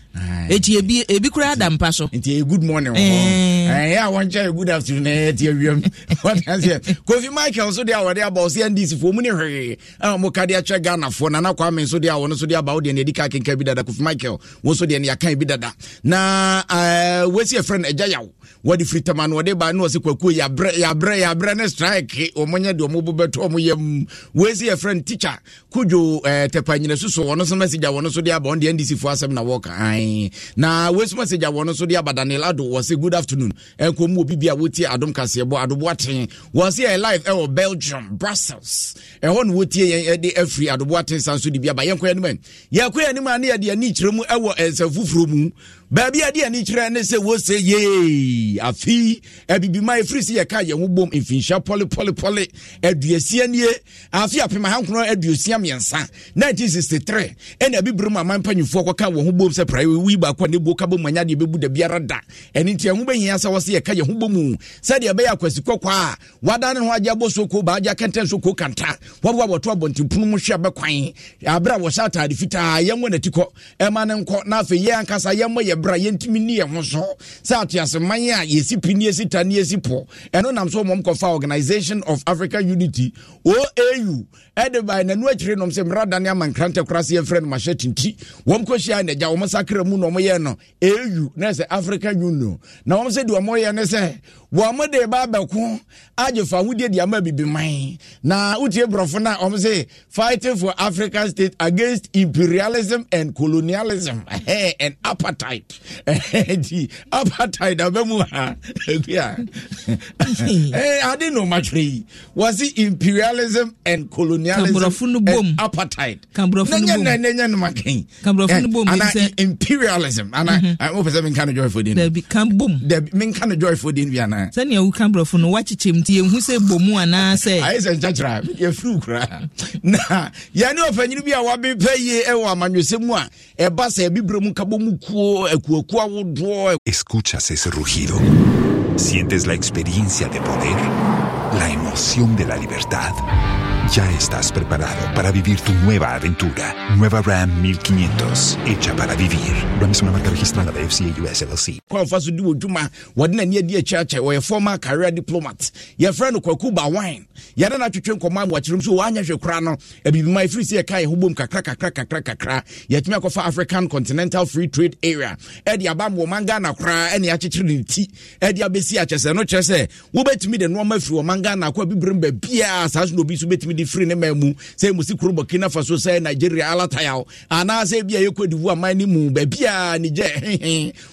Speaker 2: ɛti ebi koraa da mpa so nti eh, good morning ɛyɛ a wɔnkyɛ good afternoon ɛyɛ ti awiam kofi michael so deɛ a wɔde aba ɔsɛ ndc foɔ mu ne hwee a ah, wɔn ka de akyerɛ ghanafoɔ nana kwame nso deɛ a wɔn nso de aba ɔdeɛ ne yɛdi ka kenka bi dada kofi michael wɔn nso deɛ ne yɛaka bi dada na wɔsi efrɛ no agya yaw wɔde firi tamano wɔde ba ne wɔsi kwakuo yabrɛ yabrɛ yabrɛ ne strike wɔn ɔmonyɛ deɛ ɔmo bo bɛtɔ ɔmo yam wesi yɛ friend teacher kudwo eh, tɛpa nyina soso ɔno so message a wɔn nso de aba ɔno deɛ ndc asɛm na wɔka an na wesi message a wɔn nso de aba daniel ado wɔsi good afternoon ɛnko eh, mu obi bi a wɔtie adom kaseɛ bɔ adobo aten wɔsi yɛ live ɛwɔ eh, belgium brussels ɛhɔ eh, na wɔtie yɛn ɛde afiri adobo san so de bi aba yɛn kɔ yɛn anim yɛn kɔ yɛn anim a ne yɛde ani ni kyerɛ mu ɛwɔ ɛnsa foforɔ mu baabi ade ani kyerɛ ne sɛ wose ye afi abibima ɛfiri sɛ yɛka yɛ ho bom mfinhyia pɔlepɔlepɔle aduasia nie afe apem ahankron aduasia mmiɛnsa 1963 ɛna bibere mu aman mpanyimfoɔ kɔka wɔ ho bom sɛ prae wi baakɔ ne buo ka bɔ mu anyadeɛ bɛbu da biara da ɛno nti ɛho bɛhia sɛ wɔ sɛ yɛka yɛ ho bɔ mu sɛdeɛ ɛbɛyɛ akwasi kɔkɔ a wada ne ho agye abɔ soko baagye akɛntɛn soko kanta wɔboa wɔto abɔntempunu mu hwɛ bɛkwan aberɛ a wɔhyɛ atade fitaa yɛmmɔ n'ati kɔ ɛma ne nkɔ na afei yɛ ankasa yɛmmɔ yɛ bra yɛntumi ni yɛn ho so sɛ ateaseman a yɛsi pi ne yɛsi ta ne yɛsi pɔ ɛno nam so wɔn kɔfa organisation of african unity oau ɛde ba n'anu akyire nom sɛ mmerɛ adane ama nkrantɛ kora se yɛfrɛ no mahyɛ tinti wɔn kɔ hyia na gya wɔn sakra mu na wɔn yɛ no au na ɛsɛ african union na wɔn sɛ deɛ wɔn ne sɛ wɔn ba abɛko agye fa ahudie di ama bibi man na borɔfo sɛ fighting for african state against imperialism and colonialism and apartheid di apartheid abɛmu ha ebi a
Speaker 9: ade
Speaker 2: na ɔmo atwere yi wɔsi imperialism and colonialism and apartheid n'enye eh, imperialism ana wɔn pɛ sɛ kind of no joy for den dabi kan bom dabi mi no joy for bi ana. sɛnea woka borɔfo no woakyekyɛ m nti yɛhu sɛ bomu anaasɛ ayɛ sɛ nkyakyerɛ yɛfiri koraa na yɛne ɔfanyini bi a wabepɛ yie ɛwɔ amanwesɛ mu a ɛba sɛ ɛbibrɛ mu kabɔ mu
Speaker 1: kuo akuaku awodoɔ escuchas ese rugido sientes la experiencia de poder la emoción de la libertad ya estás preparado para vivir tu nueva aventura. Nueva Ram 1500, hecha para vivir. Ram es una marca registrada de FCA US LLC.
Speaker 2: Kwa di wadina niye diye chache, former career diplomat. Ya frano kwa kuba wine. Ya kwa mamu, wachirumsu wanya Ebi bima kaya hubu mkakra kakra kakra kakra. Ya tumia kwa fa African Continental Free Trade Area. Edi wamanga na eni Edi no chese. mefri wamanga na kwa Sasu firi ne sɛ musi kuro burkina faso sɛ nigeria alataya anaasɛ divu aman mu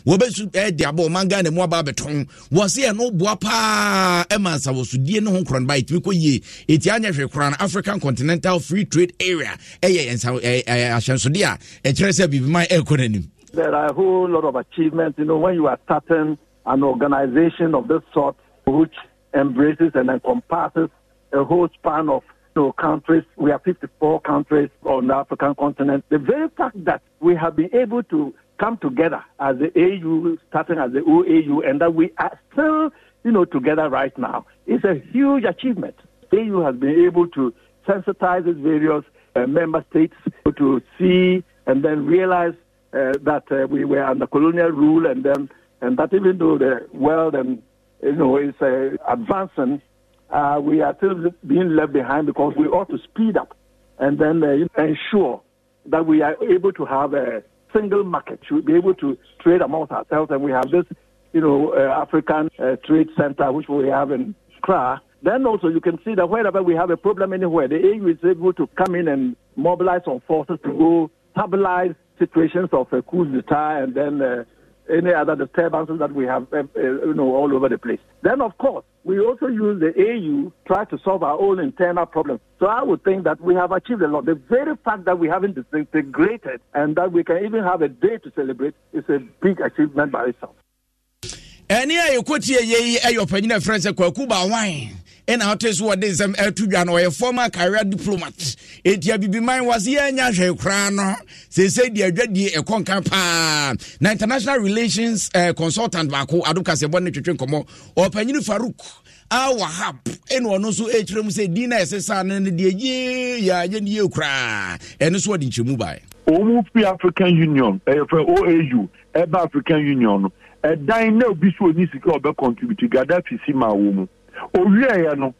Speaker 2: ɔman mu aba abɛtɔn ɛno paa ɛma ne ho nkorɔ ba kɔ yie hwɛ koraa no african continental free trade area ɛyɛ ahyɛnsodeɛ a ɛkyerɛ sɛ
Speaker 13: There are a whole lot of achievements, you know, when you are starting an organization of this sort, which embraces and encompasses a whole span of to countries. We have 54 countries on the African continent. The very fact that we have been able to come together as the AU, starting as the OAU, and that we are still, you know, together right now is a huge achievement. The AU has been able to sensitize its various uh, member states to see and then realize uh, that uh, we were under colonial rule, and then and that even though the world and you know is uh, advancing, uh, we are still being left behind because we ought to speed up and then uh, ensure that we are able to have a single market, to be able to trade amongst ourselves. And we have this, you know, uh, African uh, trade center which we have in Accra. Then also you can see that wherever we have a problem anywhere, the AU is able to come in and mobilize some forces to go stabilize situations of uh, coup d'etat and then uh, any other disturbances that we have, eh, eh, you know, all over the place. Then, of course, we also use the AU try to solve our own internal problems. So I would think that we have achieved a lot. The very fact that we haven't disintegrated and that we can even have a day to celebrate is a big achievement by itself.
Speaker 2: ɛne a yɛkɔtie yei ɛyɛ ɔpanyin a ɛfrɛ sɛ kwaku ba wine." ɛna ɔte so wɔde nsɛm ɛto dwa no ɔyɛ former career diplomat ɛti abibiman wɔ se yɛanya hwɛ koraa no seesei deɛ adwadie ɛkɔ paa na international relations uh, consultant baako adokasɛbɔ ne twetwe nkɔmmɔ ɔpanyini farouk a wahab ɛna ɔno nso ɛkyerɛ mu sɛ din na ɛsɛ saa no no deɛ yee yɛayɛ no yie koraa
Speaker 11: ɛno so ɔde nkyɛmu baeɛ ɔmu fi african union ɛyɛfrɛ oau ɛba african union no ɛdan na obi so ɔni sika ɔbɛ contribute gadafi si ma wɔ mu owieɛ no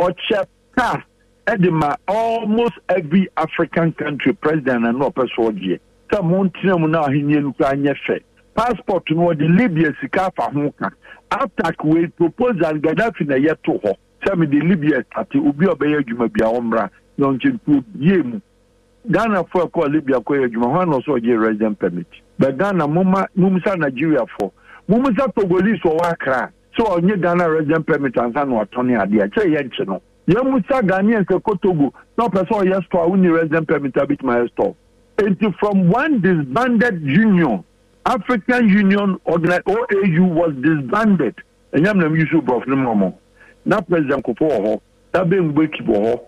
Speaker 11: ɔkyɛ pa ɛde ma almost every african country president na na ɔpɛ so ɔgyeɛ sɛ montena mu na ahenni no koraa nyɛ fɛ passport no wɔde libya sika afa ho ka aftac wei proposal gaddafi na yɛto hɔ sɛ mede libya tate obi a ɔbɛyɛ adwuma bia ɔmmra na ɔnkyɛntuo bie mu ghanafoɔ ɛkɔɔ libya kɔyɛ adwuma hɔ ana ɔsɛ ɔgye resident permit bɛ ghana moma mumsa nigeriafoɔ mumsa togolese ɔwɔ akra sɛ ɔnye ghana resident permit ansa na ɔtɔne adeɛ kyerɛ yɛ nkye no yɛmusa ghanaian sɛ kotogo na ɔpɛ sɛ ɔyɛ store a wonni resident permit abɛtumi ayɛ store enti from one disbanded union african union organize oau was disbanded ɛnyam nam yusuf brɔf no mmɔmɔ na president kofo wɔ hɔ na bengbeki wɔ hɔ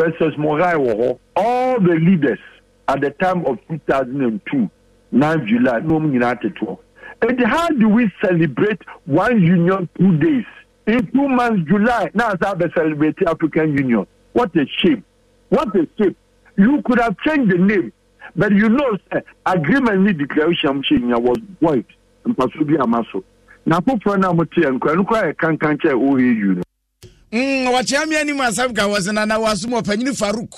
Speaker 11: festus morai wɔ hɔ all the leaders at the time of 2002 9 july na wɔn nyinaa tete And how do we celebrate one union two days? In two months, July, now as they celebrated African Union. What a shame. What a shame. You could have changed the name, but you know, agreement with declaration was void. And Pasubi Amaso. Now, put for an amateur and can't can't you know.
Speaker 2: wɔkyea me anim asɛm ka wɔ se nana wɔasom ɔpanyini faruk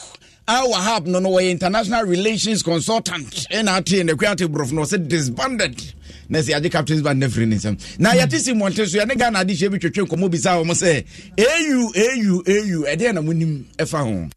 Speaker 2: a wahab no no wɔyɛ international relations consultant NRT atee the ate borɔfo no said disbanded na sɛ agye captains band no afiri ne nsɛm na hmm. yɛte si mmɔnten so yɛne ghana adehyeɛ bi twetwe nkɔmmɔ bisa wɔ m sɛ au au au ɛdeɛ na monim ɛfa ho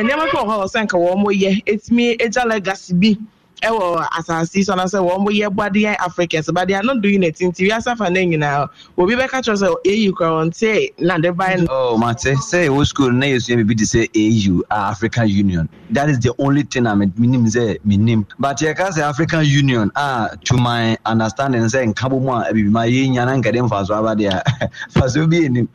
Speaker 2: nneɛma bi wɔ hɔ sɛ nka wɔ mɔyɛ
Speaker 3: ɛtumi ɛgya legacy bi ɛwɔ asase so anasɛ wɔn mo yɛ badeɛ africans badeɛ ano do yi na tinti wi asafa ne nyinaa obi bɛka kyerɛ sɛ au kora wɔn te na de
Speaker 7: ban. oh mate sɛ ewo school na yɛ sua bibi te sɛ au african union that is the only thing I'm. mi nim sɛ mi nim but yɛ ka sɛ african union a to my understanding sɛ nka bɔ mu a ebibi ma yɛ nya na nkɛde nfa so aba deɛ faso bi yɛ nim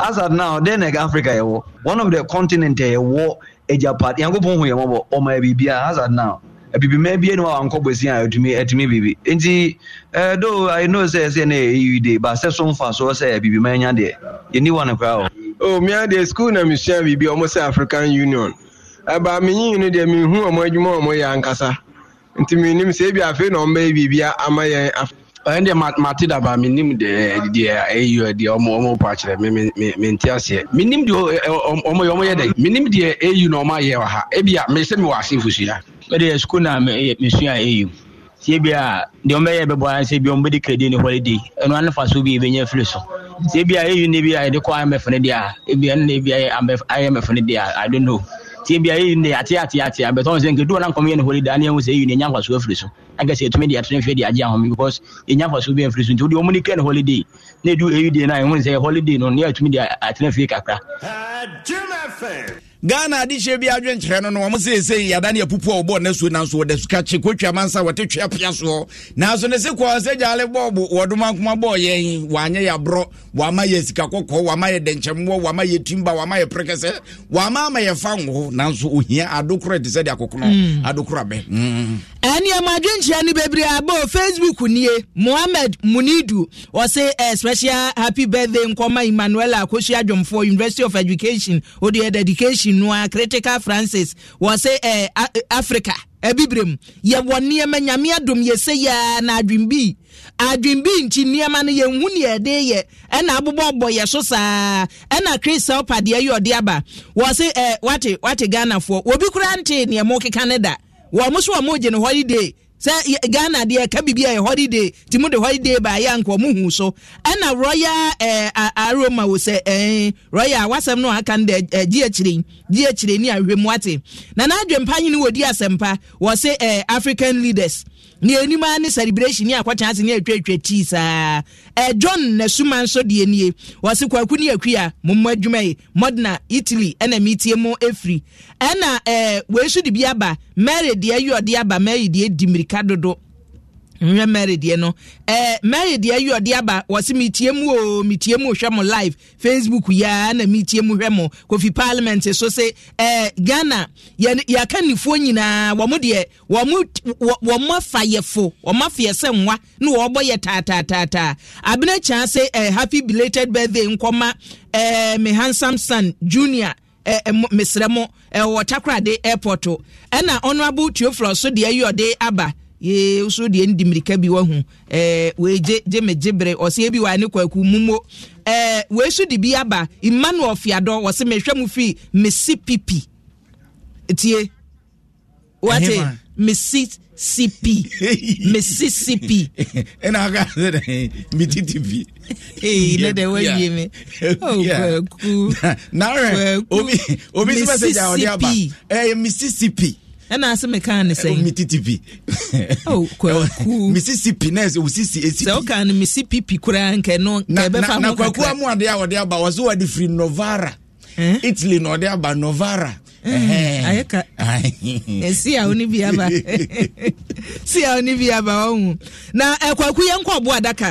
Speaker 7: as at now den na ɛka e africa yɛ wɔ one of the continent yɛ wɔ ɛjapan e yankun pɔn ho yɛ mɔbɔ ɔmɔ yɛ bibi a as at now abibima bi ne wa nkɔ bɔsi a atumi atumi biribi nti ɛɛ eh, do i know sɛ ɛsɛ ne yɛ eyi de ba sɛ so nfa so sɛ abibima nya deɛ yɛni wa ne kora o.
Speaker 9: Oh, o mia deɛ school na misua biribi a wɔn sɛ african union ɛba eh, minyi yi no deɛ mihu wɔn adwuma wɔn yɛ ankasa nti mi nim sɛ ebi afei na wɔn bɛyɛ biribi ama yɛn afei
Speaker 7: ɛn deɛ mate daba menim deɛ eh, eh, ɛyɛ deɛ ɔmo pa kyerɛ mente aseɛ menim deɛ ɔmo yɛ dɛ menim deɛ ɛyi na ɔmo ayɛ wɔ ebia mesɛ mewɔ asefo sua
Speaker 2: mɛde sukuu na mesua eh, ɛyi tie bi a deɛ ɔmɛyɛ bɛbɔ sɛ bi
Speaker 3: ɔmobɛde kredi ne holiday ɛno ano fa so bi ɛbɛnya firi so
Speaker 2: sɛ bi a ɛyi ne bi a yɛde kɔ amɛfo no deɛ
Speaker 3: a ebi ɛno na ayɛ amɛfo no deɛ a i don't know tie bia ɛyi ne ate ate ate abɛtɔn sɛ nkedu ɔna nkɔm yɛ ne hɔli ne ɛho sɛ ɛyi ne ɛnya nfaso so anka sɛ ɛtumi de atene fɛ de agye ahome because
Speaker 2: ɛnya nfaso bi afiri so nti wode ɔmo ne kɛ ne holiday na ɛdu ɛyi de no a ɛho holiday no ne ɛtumi de atene fie kakra ghana adekyerɛ bi adwenkyerɛ no no ɔmo seesei yɛada ne apupu a wɔbɔɔ no so nanso wɔda suka kye kɔtwa ma nsa wɔte twea pea soɔ nanso ne se kɔɔ sɛ gyale bɔɔbo wɔdoma nkoma bɔɔ yɛn wɔanyɛ yɛaborɔ wɔama yɛ sika kɔkɔɔ wɔama yɛ dɛnkyɛmmoɔ wɔama yɛ timba wɔama yɛ prekɛsɛ wɔama ama yɛfa nwo nanso ohia adokorɔ te sɛ de akokonɔ mm. adokorɔ abɛ mm.
Speaker 3: nneɛma adwenkyerɛ no bebree abɔ facebook nie Mohamed munidu ɔse uh, eh, special happy birthday nkɔma emmanuel akosua adwomfoɔ university of education odeɛ dedication noa eh, critical francis wɔse uh, eh, africa abibrem yɛwɔ nneɛma nyame adom yɛsɛ yɛa na adwen bi adwen bi nti nneɛma no yɛnhu ne yɛde yɛ ɛna abobɔbɔ yɛ so saa ɛna christel padeɛ yɛ ɔde aba wɔ se eh, wate wate ghanafoɔ wɔbi koraa nte nneɛma wokeka ne da wɔn so wɔn gye no holiday sɛ ghana deɛ ka biribi a yɛ holiday ti mu de holiday baayɛ anka wɔn hu so ɛna royal ɛɛ eh, aroma wɔ sɛ ɛɛn eh, royal wasɛm no aka no dɛ ɛɛ gye akyire gye akyire ni ahwɛ mu ate na n'adwempa nyini ni di asɛmpa wɔ sɛ ɛɛ eh, african leaders. Ni anim ni ne celebration ni akɔkyea ase ne atwatwa tii saa ɛjohn eh, nasuma nso deɛ nie wɔse kwaku ne mo mommɔ adwuma yi modena italy ɛna metie mu ɛfiri ɛna eh, wei so de bi aba mary deɛ yɔde aba mary deɛ di mmirika dodo nhwɛ mary deɛ no ɛɛ mary deɛ yi ɔde aba wɔsi mi tie mu o mi tie mu hwɛ mo live facebook yaa na mi tie mu hwɛ mo kofi parliament so se ɛɛ ghana yɛ yɛaka nifoɔ nyinaa wɔn deɛ wɔn wɔn afa yɛ fo wɔn afa yɛ sɛ nwa na wɔbɔ yɛ taataataataa abena kyan se ɛɛ happy belated birthday nkɔma ɛɛ me handsome son junior. mesrɛ mo ɛwɔ takoradi airport ɛna honourable teofilo so deɛ yi ɔde aba yee nso deɛ ndi mirika bi wɔ ho eh, ɛɛ wee gye gye me gye bere ɔsi ebi wɔ ani kwaku mumo ɛɛ eh, wee so de bi aba emmanuel fiadɔ wɔsi mehwɛ mu fi mesi pipi tie wɔte mesi cp mesi cp. ɛna
Speaker 2: aka sɛ dɛ mi ti bi. ee ne de wa yie mi o kwaku kwaku mesi cp. naare ma se ja ɔde ɛɛ mesi cp
Speaker 3: ɛna ase meka ne sɛ metitipi mesisipi oh, na ɛsɛ wosisi ɛsipi sɛ woka no mesipipi koraa nkɛ no ɛbɛfa na kwaku amuade a wɔde aba wɔ so wɔde firi
Speaker 2: novara italy na ɔde aba novara ayɛ ka eh, si a woni bi aba
Speaker 3: si a woni bi aba ɔhu na ɛkwaku eh, yɛn kɔ ɔbo adaka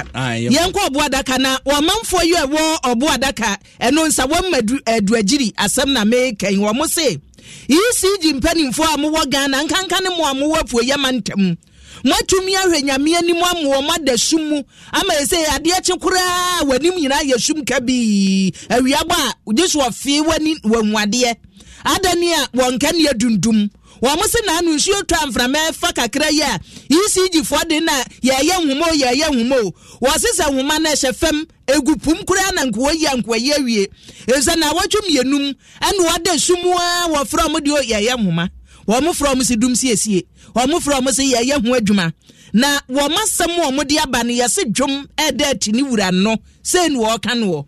Speaker 3: yɛn kɔ ɔbo adaka na ɔmanfoɔ eh, yi a ɛwɔ ɔbo adaka ɛno nsa wɔn mu aduagyiri asɛm na meekɛn wɔn se ecg mpanimfoɔ a mowɔ ghana nkanka ne mo a mowɔ apueyɛ ma ntam moatumi ahwɛ nyame anim ama wɔ moada sum mu ama ɛsɛ adeɛ kye koraa w'anim nyinaa yɛ sum ka bii awia bɔ a wogye so ɔfee w'ani wahu adeɛ adani a wɔn nka ne yɛ dundum wɔn mo se naanu nsuo tɔ anframa ɛfa kakra yi a ecg foɔ de na yɛyɛ nwoma o yɛyɛ nwoma o wɔn sisa nwoma na ɛhyɛ fam egu pum koraa na nkuwa yi a nkuwa yi awie esan na awɔtwe mmienum ɛna wɔde sumua wɔfrɛ wɔn deɛ yɛyɛ nwoma wɔn frɛ wɔn si dum siesie wɔn frɛ wɔn si yɛyɛ ho adwuma na wɔn asɛm wɔn de aba no yɛsi dwom ɛɛdɛ ti ne wura no sɛn wɔɔka no wɔ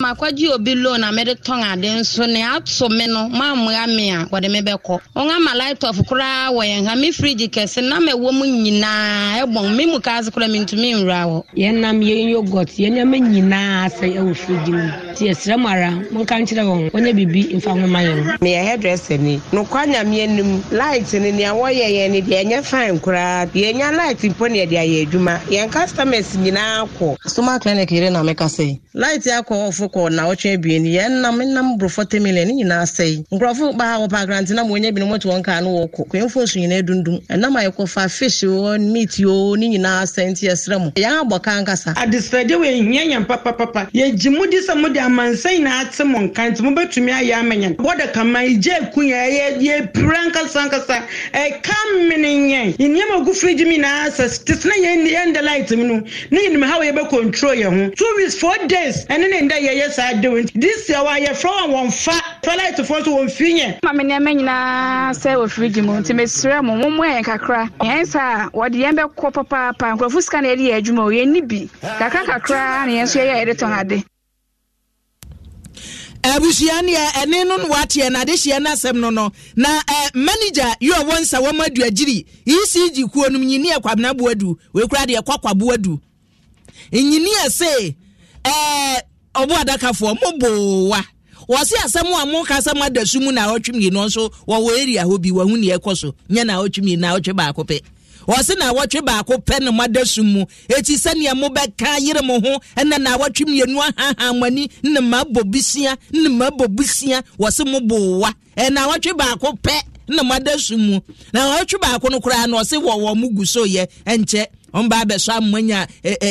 Speaker 14: makwagye obi loan a mede tɔn ade nso ne ato me no maammoa me a wɔde me bɛkɔ wɔn ama lightɔf koraa wɔ yɛn ha me firigye kɛse nam ɛwɔ mu nyinaa ɛbɔn me mu kaa se koraa mentumi nwura wɔ yɛnam yɛn yogot yɛn nneɛma nyinaa sɛ ɛwɔ firigye mu nti yɛsrɛ mu ara monka nkyerɛ wɔn wɔnyɛ biribi mfa ho ma yɛn meyɛ hairdresser ni nokwa nyameɛ nim light ne nea wɔyɛ yɛn ne deɛ ɛnyɛ fine koraa yɛnya light mpo ne yɛde ayɛ adwuma yɛn customers nyinaa kɔ soma clinic yere na meka sɛ light akɔ ɔfo kɔ na abien yɛn nam nam boro forty million ne nyinaa sɛe nkurɔfo baa wɔpa agrante na ma binom wɔte wɔn kaa no wɔkɔ kɔmfo nso nyinaa dundum ɛnam a yɛkɔfa fish o meat o ne nyinaa sɛe nti yɛserɛ mu yɛn abɔ ka nkasa
Speaker 3: adesrɛde wɔ ɛhia nyɛn papapapa yɛgye mu di sɛ mode amansa nyinaa ate mo nka nti mobɛtumi ayɛ ama nyɛn wɔda kaman gye aku yɛ yɛpira ankasa
Speaker 14: ɛka e mene nyɛn nneɛma gu fridge mu nyinaa sɛ tesena yɛn yɛn light mu no ne yɛnim ha wɔ yɛbɛ control ho two weeks four days ɛne ne nda yɛyɛ wɔyɛ saa de wo nti this year wɔayɛfrɛ wɔn wɔn fa tɔlɛtfoɔ nso wɔn fi yɛn. maame nneɛma nyinaa sɛ ofiri gyi mu nti mesrɛ mo mo mo yɛn kakra yɛn sa wɔde yɛn bɛkɔ papaapa nkurɔfo sika na yɛde yɛ adwuma o yɛn ni bi kakra kakra na yɛn nso yɛyɛ yɛde tɔn ade.
Speaker 3: abusua ne ɛ ɛne no no wateɛ na adehyeɛ no asɛm no no na manager yi a wɔn nsa wɔn adu agyiri ecg kuo no nyini yɛ kwabena boadu wekura deɛ kɔ nyini yɛ se ɔbu adakafoɔ mo bowa wɔsi asɛm a mo ka asɛm adasu mu na ɔtwe mmienu nso wɔwɔ area hɔ bi wɔho na ɛkɔ so nye na ɔtwe mmienu na ɔtwe baako pɛ wɔsi na wɔtwe baako pɛ na m'adasu mu eti sɛnea mo bɛka yere mo ho ɛna na wɔtwe mmienu ahaha mo ani ne ma bɔ bisia ne ma bɔ bisia wɔsi mo bowa ɛna wɔtwe baako pɛ na m'adasu mu na wɔtwe baako no koraa na ɔsi wɔwɔ mo gu so yɛ ɛnkyɛ wɔn ba abɛsɔ amanya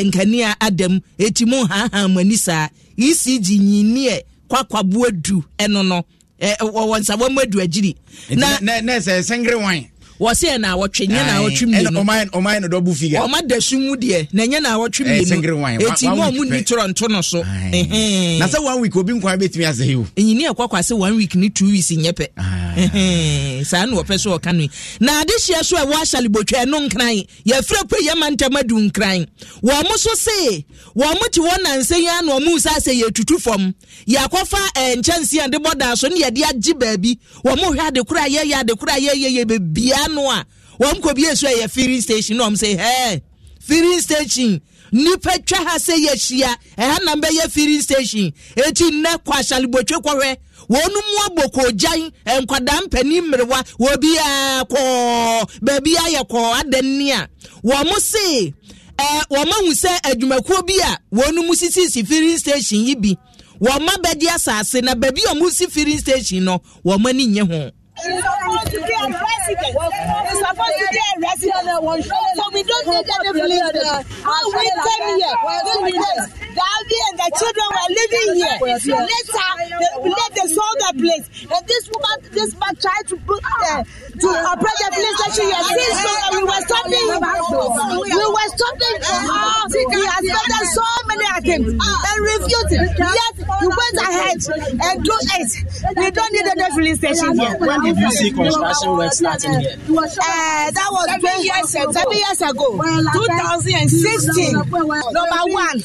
Speaker 3: nkanea adam eti mu haahaa mu ani saa ecg nyinie kwakwaboa du ɛno no ɛɛ wɔwɔ nsa wɔn mu adu agyiri. na na na sɛ sɛngere wan wɔsi yɛ na awɔtwe nyɛ na awɔtwe mmienu ɛna ɔman ɔman no dɔbu figa ɔma dasu mu deɛ na nyɛ na mmienu eti mu a mu ni toronto no so na sɛ one week obi nkwan betumi asɛ yi o enyini ɛkɔkɔ asɛ one week ni two weeks nyɛ pɛ saa na wɔpɛ so ɔka no yi na adehyia so a ɛwɔ ahyalibotwa ɛno nkran yɛfrɛ pe yɛma ntɛm adu nkran wɔn mo so se wɔn mo ti wɔn nansa yi ano wɔn mo nsa asɛ yɛ tutu fam yɛakɔfa ɛɛ eh, nkyɛnsee a de bɔ daa so ne yɛde agye baabi wɔn mo hwɛ adekora yɛyɛ adekora yɛyɛ yɛ bebiara no a wɔn kɔ bie so ɛyɛ filling station na wɔn sɛ hɛɛ filling station nipa twa ha sɛ yɛ hyia ɛha na bɛyɛ filling station eti nnɛ kɔ asalibotwe kɔhwɛ wɔn mu abɔ kɔgyan nkwadaa mpanyin mmerewa wɔbi a kɔɔ beebi ayɛ kɔɔ adanni a wɔn se ɛɛ wɔn ahu sɛ adwumakuo bi a wɔn mu sisisi filling station yi bi wɔn abɛdi asase na beebi a wɔn si filling station no wɔn ani nye ho.
Speaker 14: She's supposed to be a resident. She's supposed to be a resident. So we don't need any policemen. When we came here, this place, the Abi and the children were living here. So later, they, later place. And this woman, this man tried to uh, ah. to operate the police station here. Since ah. so we were stopping, we were stopping. Uh, he has made so many attempts and refused. Yet he went ahead and do it. We don't need any filling station here. When did you see construction work starting here? Uh, that was 20 years, ago. seven years ago, 2016. Number one,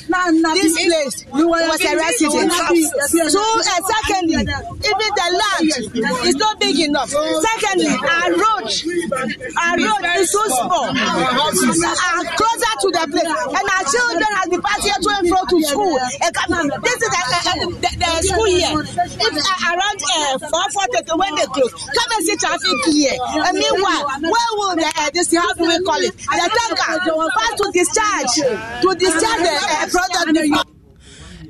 Speaker 14: this place was a residence house. So, uh, secondly, even the land is not big enough. Secondly, our road,
Speaker 9: our road is so small. Are closer to the place, and our children
Speaker 14: have departed to and fro to school. This is the, uh, the, the school here. It's uh, around uh, 4 when they close. Come and see traffic here. And uh, meanwhile, where will the, uh, this, how do we call it? The tanker pass to discharge, to discharge the uh, product.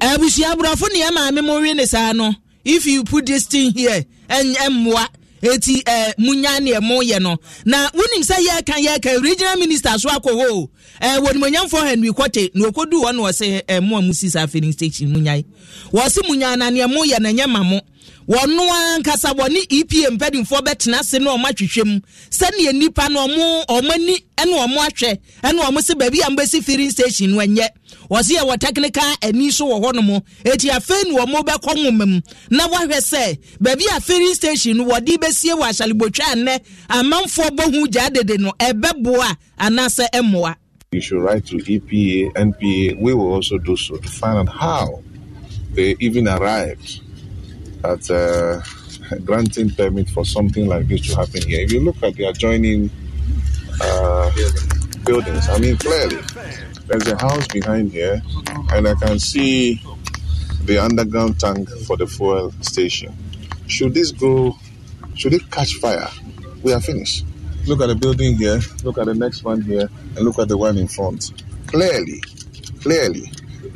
Speaker 14: abusua aburafo ne ɛma me mo ne saa
Speaker 3: no if you put this thing here ɛmmoa eti ɛ munya ne ɛmo yɛ no na wunim sɛ yɛka yɛka regional minister so akɔ hɔ ɛ wɔnumonyamfo henry kɔte na okodu hɔ na ɔsɛ ɛmo a musi saa filling station munya yi wɔsi munya na ne ɛmo yɛ na ɛnyɛ ma mo wɔn ankasa wɔne epa mpanimfoɔ bɛtena ase na wɔn atwitwa mu sɛnea nipa no wɔn wɔn ani ɛna wɔn ahwɛ ɛna wɔn sɛ baabi a mbɛsi filling station no ɛnyɛ wɔsi yɛ wɔ technical ani so wɔ hɔnom eti afei na wɔn bɛkɔ nwoma mu na wɔahwɛ sɛ baabi a filling station no wɔde bɛsie wɔ ahyalibotwa anɛ amanfoɔ bɔ hu gya dede no ɛbɛboa anaasɛ ɛmoa.
Speaker 5: you should write to epa npa we will also do so to find out how they even arrived. At uh, granting permit for something like this to happen here. If you look at the adjoining uh, buildings, I mean, clearly, there's a house behind here, and I can see the underground tank for the fuel station. Should this go, should it catch fire, we are finished. Look at the building here, look at the next one here, and look at the one in front. Clearly, clearly,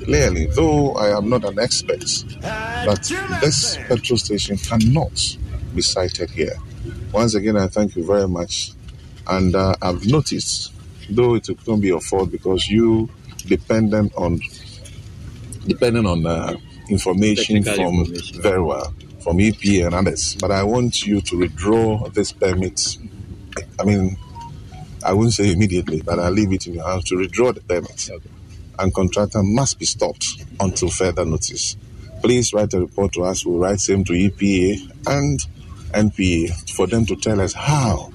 Speaker 5: clearly, though I am not an expert, that this petrol station cannot be cited here. Once again, I thank you very much. And uh, I've noticed, though it could be your fault because you dependent on dependent on uh, information Technical from information. very well from EPA and others. But I want you to withdraw this permit. I mean, I wouldn't say immediately, but I'll leave it in your hands to withdraw the permit. Okay and contractor must be stopped until further notice. Please write a report to us. We'll write same to EPA and NPA for them to tell us how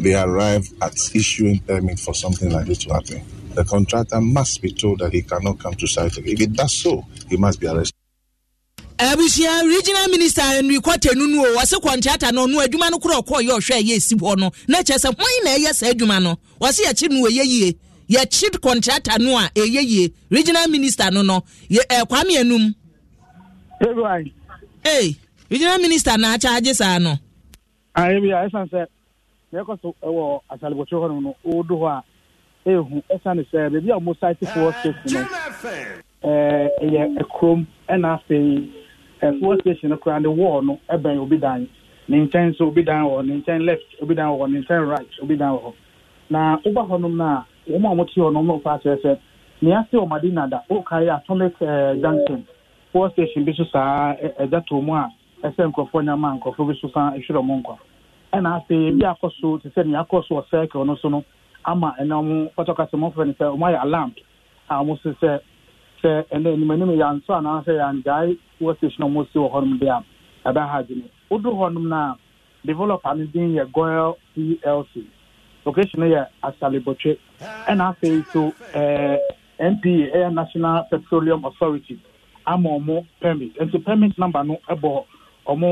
Speaker 5: they arrive at issuing permit for something like this to happen. The contractor must be told that he cannot come to site. If it does so, he must be arrested.
Speaker 3: abusua regional minister henry kwata nunu o wɔse kɔntrata no ɔno adwuma no korɔ ɔkɔɔ yɛ ɔhwɛ ɛyɛ esi hɔ no na kyerɛ sɛ hwan na ɛyɛ saa adwuma no wɔse yɛkye no ɛyɛ yie yɛ Chid contractor no a ɛyɛ yie regional minister no no yɛ ɛ ee regional minister na akyɛ agye saa no. Ah, bi a ɛsan na so
Speaker 15: hɔ no o do hɔ a ɛsan sɛ beebi a wɔn no ɛɛ ɛyɛ ɛkurom ɛna afei station no ne wall no ɛbɛn obi dan ne nso obi dan wɔ ne nkyɛn left obi dan wɔ ne na ɔba hɔ wɔn a wɔte hɔ no wɔn fa akyerɛ sɛ nea ase wɔn ade nada ɔkae atomic eh, junction power station bi so saa ɛda to mu a ɛsɛ nkurɔfoɔ nyama nkurɔfoɔ bi so san ehwere wɔn nkwa ɛna ebi akɔ so te sɛ nea akɔ so wɔ circle no so no ama wɔn fɛ sɛ wɔn ayɛ alarm a wɔn so sɛ sɛ ɛnna anim anim yansɔ anaasɛ station a wɔn na developer no din yɛ plc location yɛ asalebɔtwe ɛna afei so ɛɛ npa ɛyɛ national petroleum authority ama ɔmo permit nti permit number no ɛbɔ ɔmo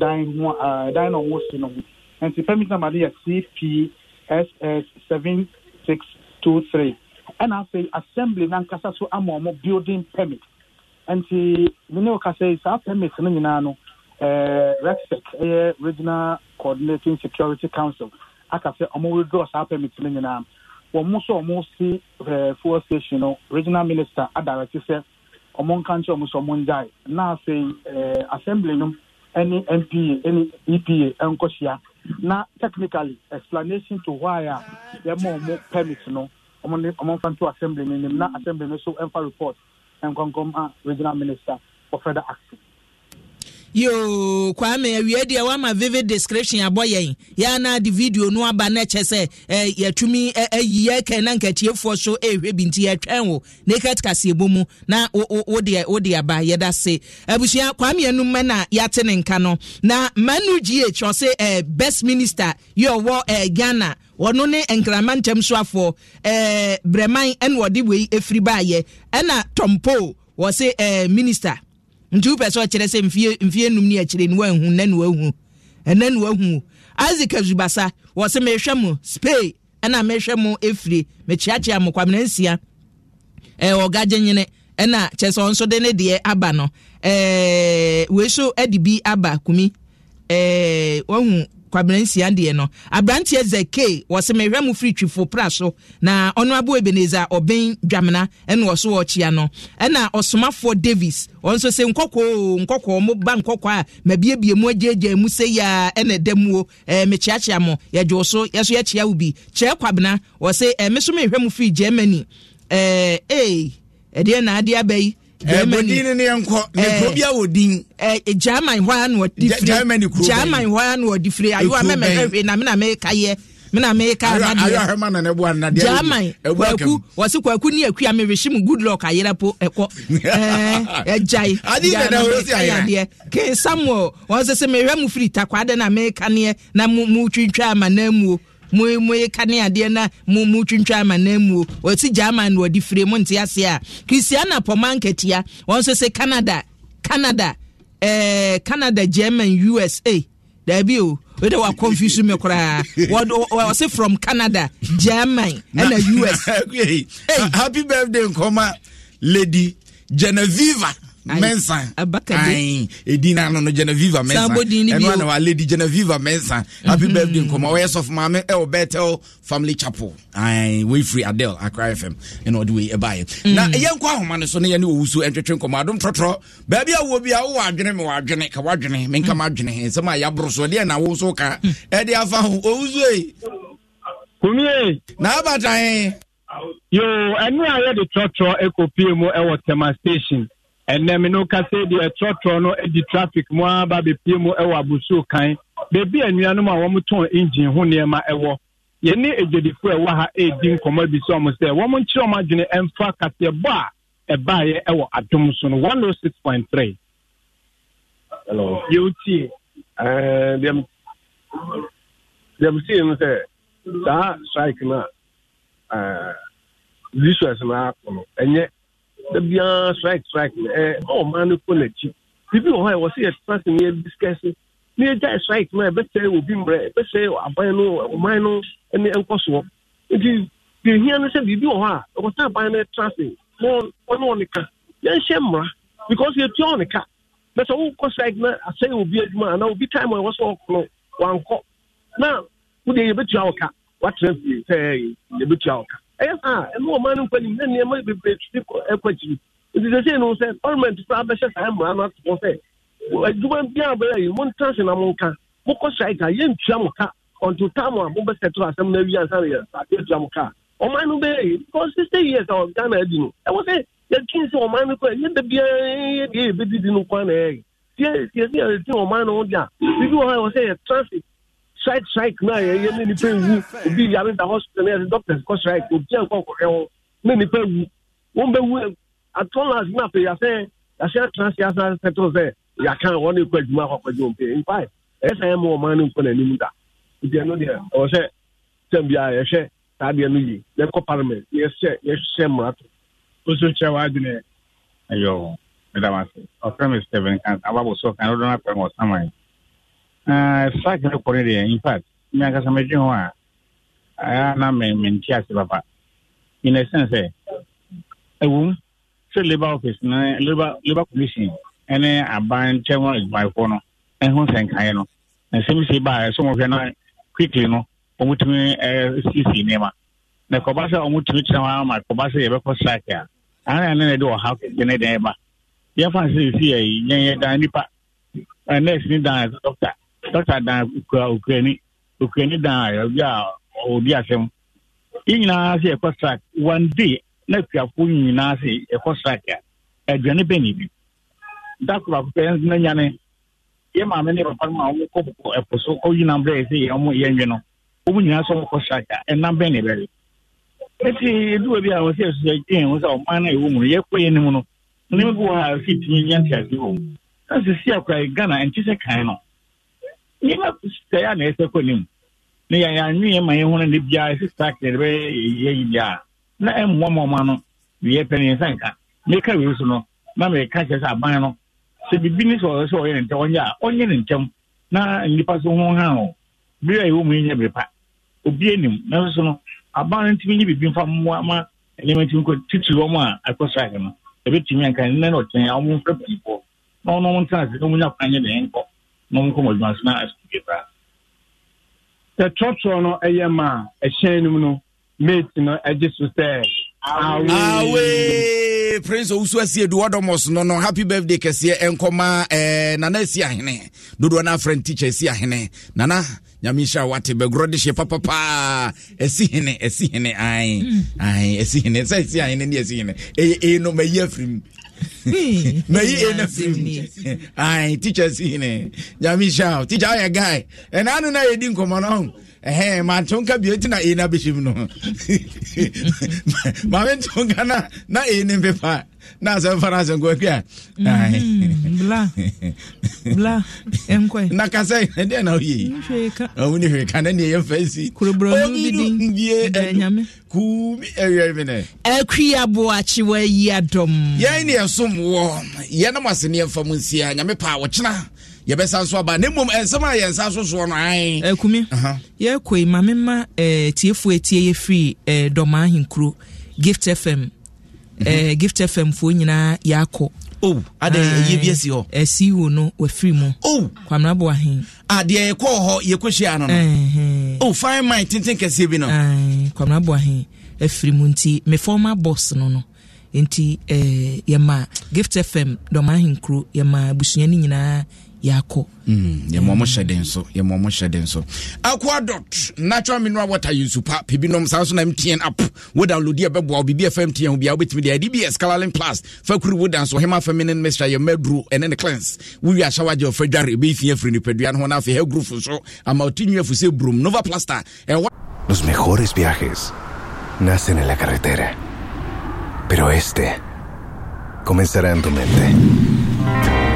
Speaker 15: dan ho ɛɛ dan na ɔmo si no ho nti permit number no yɛ cpss seven six two three ɛna afei assembly nankasa so ama ɔmo building permit nti mene okasa yi saa permit no nyinaa no ɛɛ rexec ɛyɛ regional coordinating security council aka sɛ ɔmo withdraw saa permit no nyinaa wɔn mo nso ɔmo si ɛɛ eh, fuel station no regional minister adarɛti sɛ ɔmo nka nkyɛn ɔmo sɛ ɔmo ngyae na afei eh, ɛɛ assembly no ɛne npa ɛne epa ɛnkɔhyia na technically explanation to why a yɛma ɔmo permit no ɔmo ne ɔmo nfa nto assembly no anim na assembly no nso ɛnfa report ɛnkɔnkɔn a regional minister for further action
Speaker 3: yoo kwame awie deɛ wama vivid description abɔ yɛn yɛana de video no aba no kyɛ sɛ eh, yɛtumi ayi eh, eh yɛkɛ na nkatiefoɔ so ɛhwɛ eh, bi nti yɛtwɛn wo naked kaseɛbɔ mu na wode wode aba yɛda se abusua kwame anum mɛ na yɛate ne nka no na manu gh ɔse eh, best minister yɛ ɔwɔ eh, ghana wɔno ne nkrama ntɛm soafoɔ eh, brɛman ɛne wɔde wei ɛfiri baayɛ ɛna tɔmpo wɔ se eh, minister nti wopɛ sɛ ɔkyerɛ sɛ mfie num ne akyire ne woahu nɛ ne woahu ɛnɛ ne woahu isaac azubasa wɔ sɛ mehwɛ mo spain ɛna mehwɛ mo ɛfiri mekyeakyea mo kwamena nsia ɛɛ ɔgagye nyene ɛna kyɛ sɛ ɔnso de ne deɛ aba no ɛɛ wei so adi bi aba kumi ɛɛ wahu kwaberansia deɛ no aberanteɛ zeke wɔsɛ mehwɛ mu firi twifo pra so na ɔno abo ebeneza ɔbɛn dwamena ɛna ɔso ɔkyea no ɛna ɔsomafoɔ davis ɔn nso sɛ nkɔkɔɔ nkɔkɔɔ mo ba nkɔkɔɔ a mabiebie mu agyagya mu sɛ yia ɛna ɛda muo ɛɛ eh, mekyeakyea mo yɛgye so yɛso yɛkyea wo bi kyerɛ kwabena wɔsɛ ɛɛ eh, me mehwɛ mu firi germany ɛɛ eh, ee ɛdeɛ na adeɛ abɛyi ɛbodin ne yɛnkɔ ne kuro eh. bi a wɔ din. ɛɛ eh, eh, german hɔ a na wɔdi firi germany kuro bɛyi german hɔ a na wɔdi firi ayiwa mɛmɛ hwɛ na mena meka yɛ mena meka nadeɛ ayiwa ahɛma na ne bu anadeɛ german kwaku wɔsi kwaku ni ekuya mi resi mu good luck ayɛlɛ po ɛkɔ ɛɛ ɛgyae adi yɛ dɛ o si ayɛ ken samuel wɔn sɛ sɛ mɛ hwɛ mu firi takwa de na meka neɛ na mu mu twitwa ama na mu o mo mo yɛ kane adeɛ na mo mo twintwa ama na mu o wɔsi german wɔde fire mo nte ase a christiana pɔma nketea wɔn nso sɛ canada canada ɛɛ eh, canada german usa daabi o o de wa confuse mi koraa se from canada german ɛna us. happy birthday nkɔma lady genevieve. mensa ɛdi no
Speaker 2: ano no geneviva mensaɛno ana lady geneviva mensa mhm. happy birthday nkɔma wɔyɛ sɔfo maame ɛwɔ eh, oh, bɛtɛl oh, family chapel wɔifiri adel akra fm ɛna ɔde wei ɛbaeɛ eh, na ɛyɛ mhm. nkɔ ahoma no so ne yɛne wɔwu so eh, ɛntwetwe nkɔmmɔ adom trɔtrɔ baabi a bi a ka nsɛm mhm. a so ɛdeɛ na ka ɛde afa ho
Speaker 10: kumie na trɔtrɔ ɛnɛ me no kasa deɛ ɛtrɔtrɔ no di traffic mu ara ba bepie mu wɔ abusuo kan beebi a nnuanom a wɔtɔn engine ho nneɛma wɔ yɛne adwadifo a ɛwɔ ha redi nkɔmmɔ bi sɛ ɔmo sɛ wɔn nkyerɛ ɔmo adwene mfa kaseɛbɔ a ɛbaeɛ wɔ adom so no one oh six point three.
Speaker 16: hello. yóò tie. ɛɛ deɛ deɛ tie no sɛ saa strike no a ɛɛ resource no akɔ ɛnyɛ. da biara strike strike ɛɛ ɔman no kɔ n'akyi biribi wɔ hɔ a wɔsi yɛ trust ne ebi sikɛsi ne egya strike no a ɛbɛsɛe obi mmerɛ ɛbɛsɛe aban no ɔman no ɛne ɛnkɔ soɔ nti ehia no sɛ biribi wɔ hɔ a ɔkɔsɛ aban no trust na ɔne ɔne ka yɛnhyɛ mmara because yɛtua ɔne ka bɛsɛ wokɔ strike na asɛe obi adwuma anaa obi time a ɛwɔ sɛ ɔkɔ no wankɔ na wode yɛbɛtua ɔka watena fie sɛ yɛbɛtua ɔka ɛyɛ saa ɛma ɔma no nkwa nim na nneɛma bebree tiri ɛkɔ akyiri nti sɛ sei no sɛ parliament sa bɛhyɛ saa mmara no atopɔ sɛ adwuma biaa bɛyɛ yi montra hye na monka mokɔ strike a yɛntua mo ka until time a mobɛsɛtoro asɛm no awi ansa no yɛtua mo ka ɔman no bɛyɛ yi because sixty years a ghana adi no ɛwɔ sɛ yɛtwin sɛ ɔman no kɔ yɛda biaa yɛdeɛ yɛbɛdidi no kwan na ɛyɛ yɛsi yɛsi yɛsi ɔman no ho de a biribi wɔ hɔ a ɛwɔ sɛ yɛ traffic strike strike na yẹn yẹn ní nípa ewu obi yàrá da hospital yẹn ti doctors kọ strike obi yẹn kọ ọkọọkọ wọn ní nípa ewu wọn bẹ wu atọ́nà náà fẹ yàtẹ yàtẹ àtúnṣe àtúnṣe sẹtọ sẹ yàtẹ àwọn ní kọ ẹdùnmọ akọ ẹdùnmọ pé nfa ẹ ẹsẹ yẹn mọ ọmọ ní nkọ n'anim da ìdí ẹnu deɛ ɔsɛ sɛm bia yɛhwɛ saa deɛ no yie yɛkɔ parliament yɛhyɛ yɛhyɛ mmara to osu kyerɛ w'adwene
Speaker 17: ɛyɛ ɔ ɛdam ase ɔfrɛ mi stephen kan ababɔ so kan ɔdɔ n'akpɛ mu ɔsaman strike no kɔ ne deɛ in fact me ankasa medwe ho a ɛa na mente ase papa in a sense sɛ ɛwom sɛ labour office ne labour labour commission ɛne aban ntɛm adwumayɛfoɔ no ɛho nsɛnkaeɛ no nsɛm sie baa ɛsɛ wɔhwɛ no quickly no ɔmotumi siesie nneɛma na kɔba sɛ ɔmotumi kyerɛ ho ama kɔba sɛ yɛbɛkɔ strike a ana ne ne de ɔhaw kɛse ne dɛn ɛba yɛmfa sɛ ɛsi yɛ yɛn yɛdan nipa nurse ne dan doctor dɔkta dan kura dan a obi a ɔdi asɛm yɛn nyinaa sɛ ɛkɔ one day na akuafoɔ nyinaa sɛ ɛkɔ strak a aduane bɛ na bi dakoro baako na nyane yɛ maame ne papa ma wɔn kɔ ɛpo so ɔyi nam bɛrɛ sɛ yɛn mo yɛn nwi no nyinaa a ɛnam bɛ eduwa bi a wɔsi ɔman na ɛwɔ mu no yɛkɔ yɛn nimu no nimu bi wɔ ha a tinye yɛn ti ase wɔ mu na sisi akora ghana sɛ kan no. nneɛma sɛɛ a na ɛsɛ kɔ nim na yɛn anwi yɛn ma yɛn ho ne biara ɛsɛ stark na ɛbɛyɛ yɛ yi biara na ɛmmoa mmoa no wiɛ pɛ ne nsa nka meka wei so no na meka kyerɛ sɛ aban no sɛ biribi ne sɛ ɔyɛ sɛ ɔyɛ ne ntɛm ɔnyɛ a ɔnyɛ ne ntɛm na nnipa so ho ha o bere a ɛwɔ mu yɛnyɛ bere pa obi anim nanso so no aban no ntumi nye biribi mfa mmoa ma nneɛma ntumi kɔ titiri wɔn a akɔ strike no ɛbɛtumi anka nnɛ na ɔkyɛn a wɔn mfrɛ panyinfoɔ na ɔno wɔn tena ase na wɔn nyɛ kwan nyɛ deɛ nkɔ mɔnkɔ mɔdwuma so na asopie bra
Speaker 10: sɛ trɔtrɔ no ɛyɛ ma a ɛhyɛn no mu no mate no so sɛ
Speaker 3: awe
Speaker 2: prince owusu asie do wɔdɔmɔs no no happy birthday kɛseɛ ɛnkɔma ɛɛ nana asi ahene dodoɔ no afrɛ no teacher asi ahene nana nyame nhyira wate bɛgorɔ de hyɛ papapaa asi hene asi hene ae mm. ae asi hene sɛ asi hene, ne asi hene ɛyɛ ɛyɛ no mayi afiri mu na yi na film ai teacher seen it. nyame teacher, I a guy And I don't know you didn't come ho ɛhɛn maame nka bie ti e na eyi na bɛhyɛ mu no maame nto nka na na eyi ne mpepa na asɛm fa na kɔ mm-hmm. akua. bla bla nkɔɛ. na kasa yi e ɛdeɛ na oyɛ yi. ɔmu ni hwɛ ka na nea yɛ fɛ si. kuroborɔ ni bi di ndie ɛnu kuumi ɛwia bi nɛ. ɛkui aboakye wa yi adɔm. yɛn ni ɛsom wɔ yɛn nam ase ni ɛfam nsia nyame paa wɔkyena. yɛbɛsa nso aba na mmom ɛnsɛm a yɛnsa so soɔ no ae akumi eh,
Speaker 3: yɛkɔ yi ma mema eh, tiefoɔ atie yɛ firi eh, dɔma ahenkuro gift fm mhm. gift fm foɔ nyinaa yɛakɔ oh, adeɛ bi asi hɔ asi wo no wafiri mu oh. kwamena bo ahe adeɛ ah, yɛkɔɔ hɔ yɛkɔhyia no no oh, fine mind tenten kɛseɛ bi no kwamena bo ahe afiri mu nti me former boss no no nti eh, yɛma gift fm dɔma ahenkuro yɛma abusua no nyinaa yɛakɔ
Speaker 8: mm,
Speaker 2: yɛmmɔmo hyɛ den so yɛmmɔmo hyɛ den so
Speaker 3: aqua natural mineral
Speaker 2: water yɛnsu pa pibinom saa so na mtn app wo download yɛ bɛboa wo biribi ɛfa mtn ho biaa wobɛtumi deɛ dbs calalin plus fa kuri wo dan so hema feminine mistra yɛ maduro ɛne ne cleans wowie ahyɛ wagye ɔfa dware ɛbɛyifii afiri nipadua no ho na afei hagrufo so ama ɔtinwiafo sɛ brom nova plaster ɛwɔ
Speaker 1: Los mejores viajes nacen en la carretera, pero este comenzará en tu mente.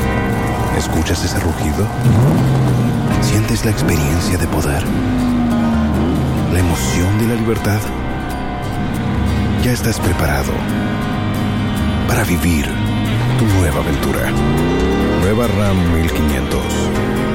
Speaker 1: ¿Escuchas ese rugido? ¿Sientes la experiencia de poder? ¿La emoción de la libertad? Ya estás preparado para vivir tu nueva aventura. Nueva RAM 1500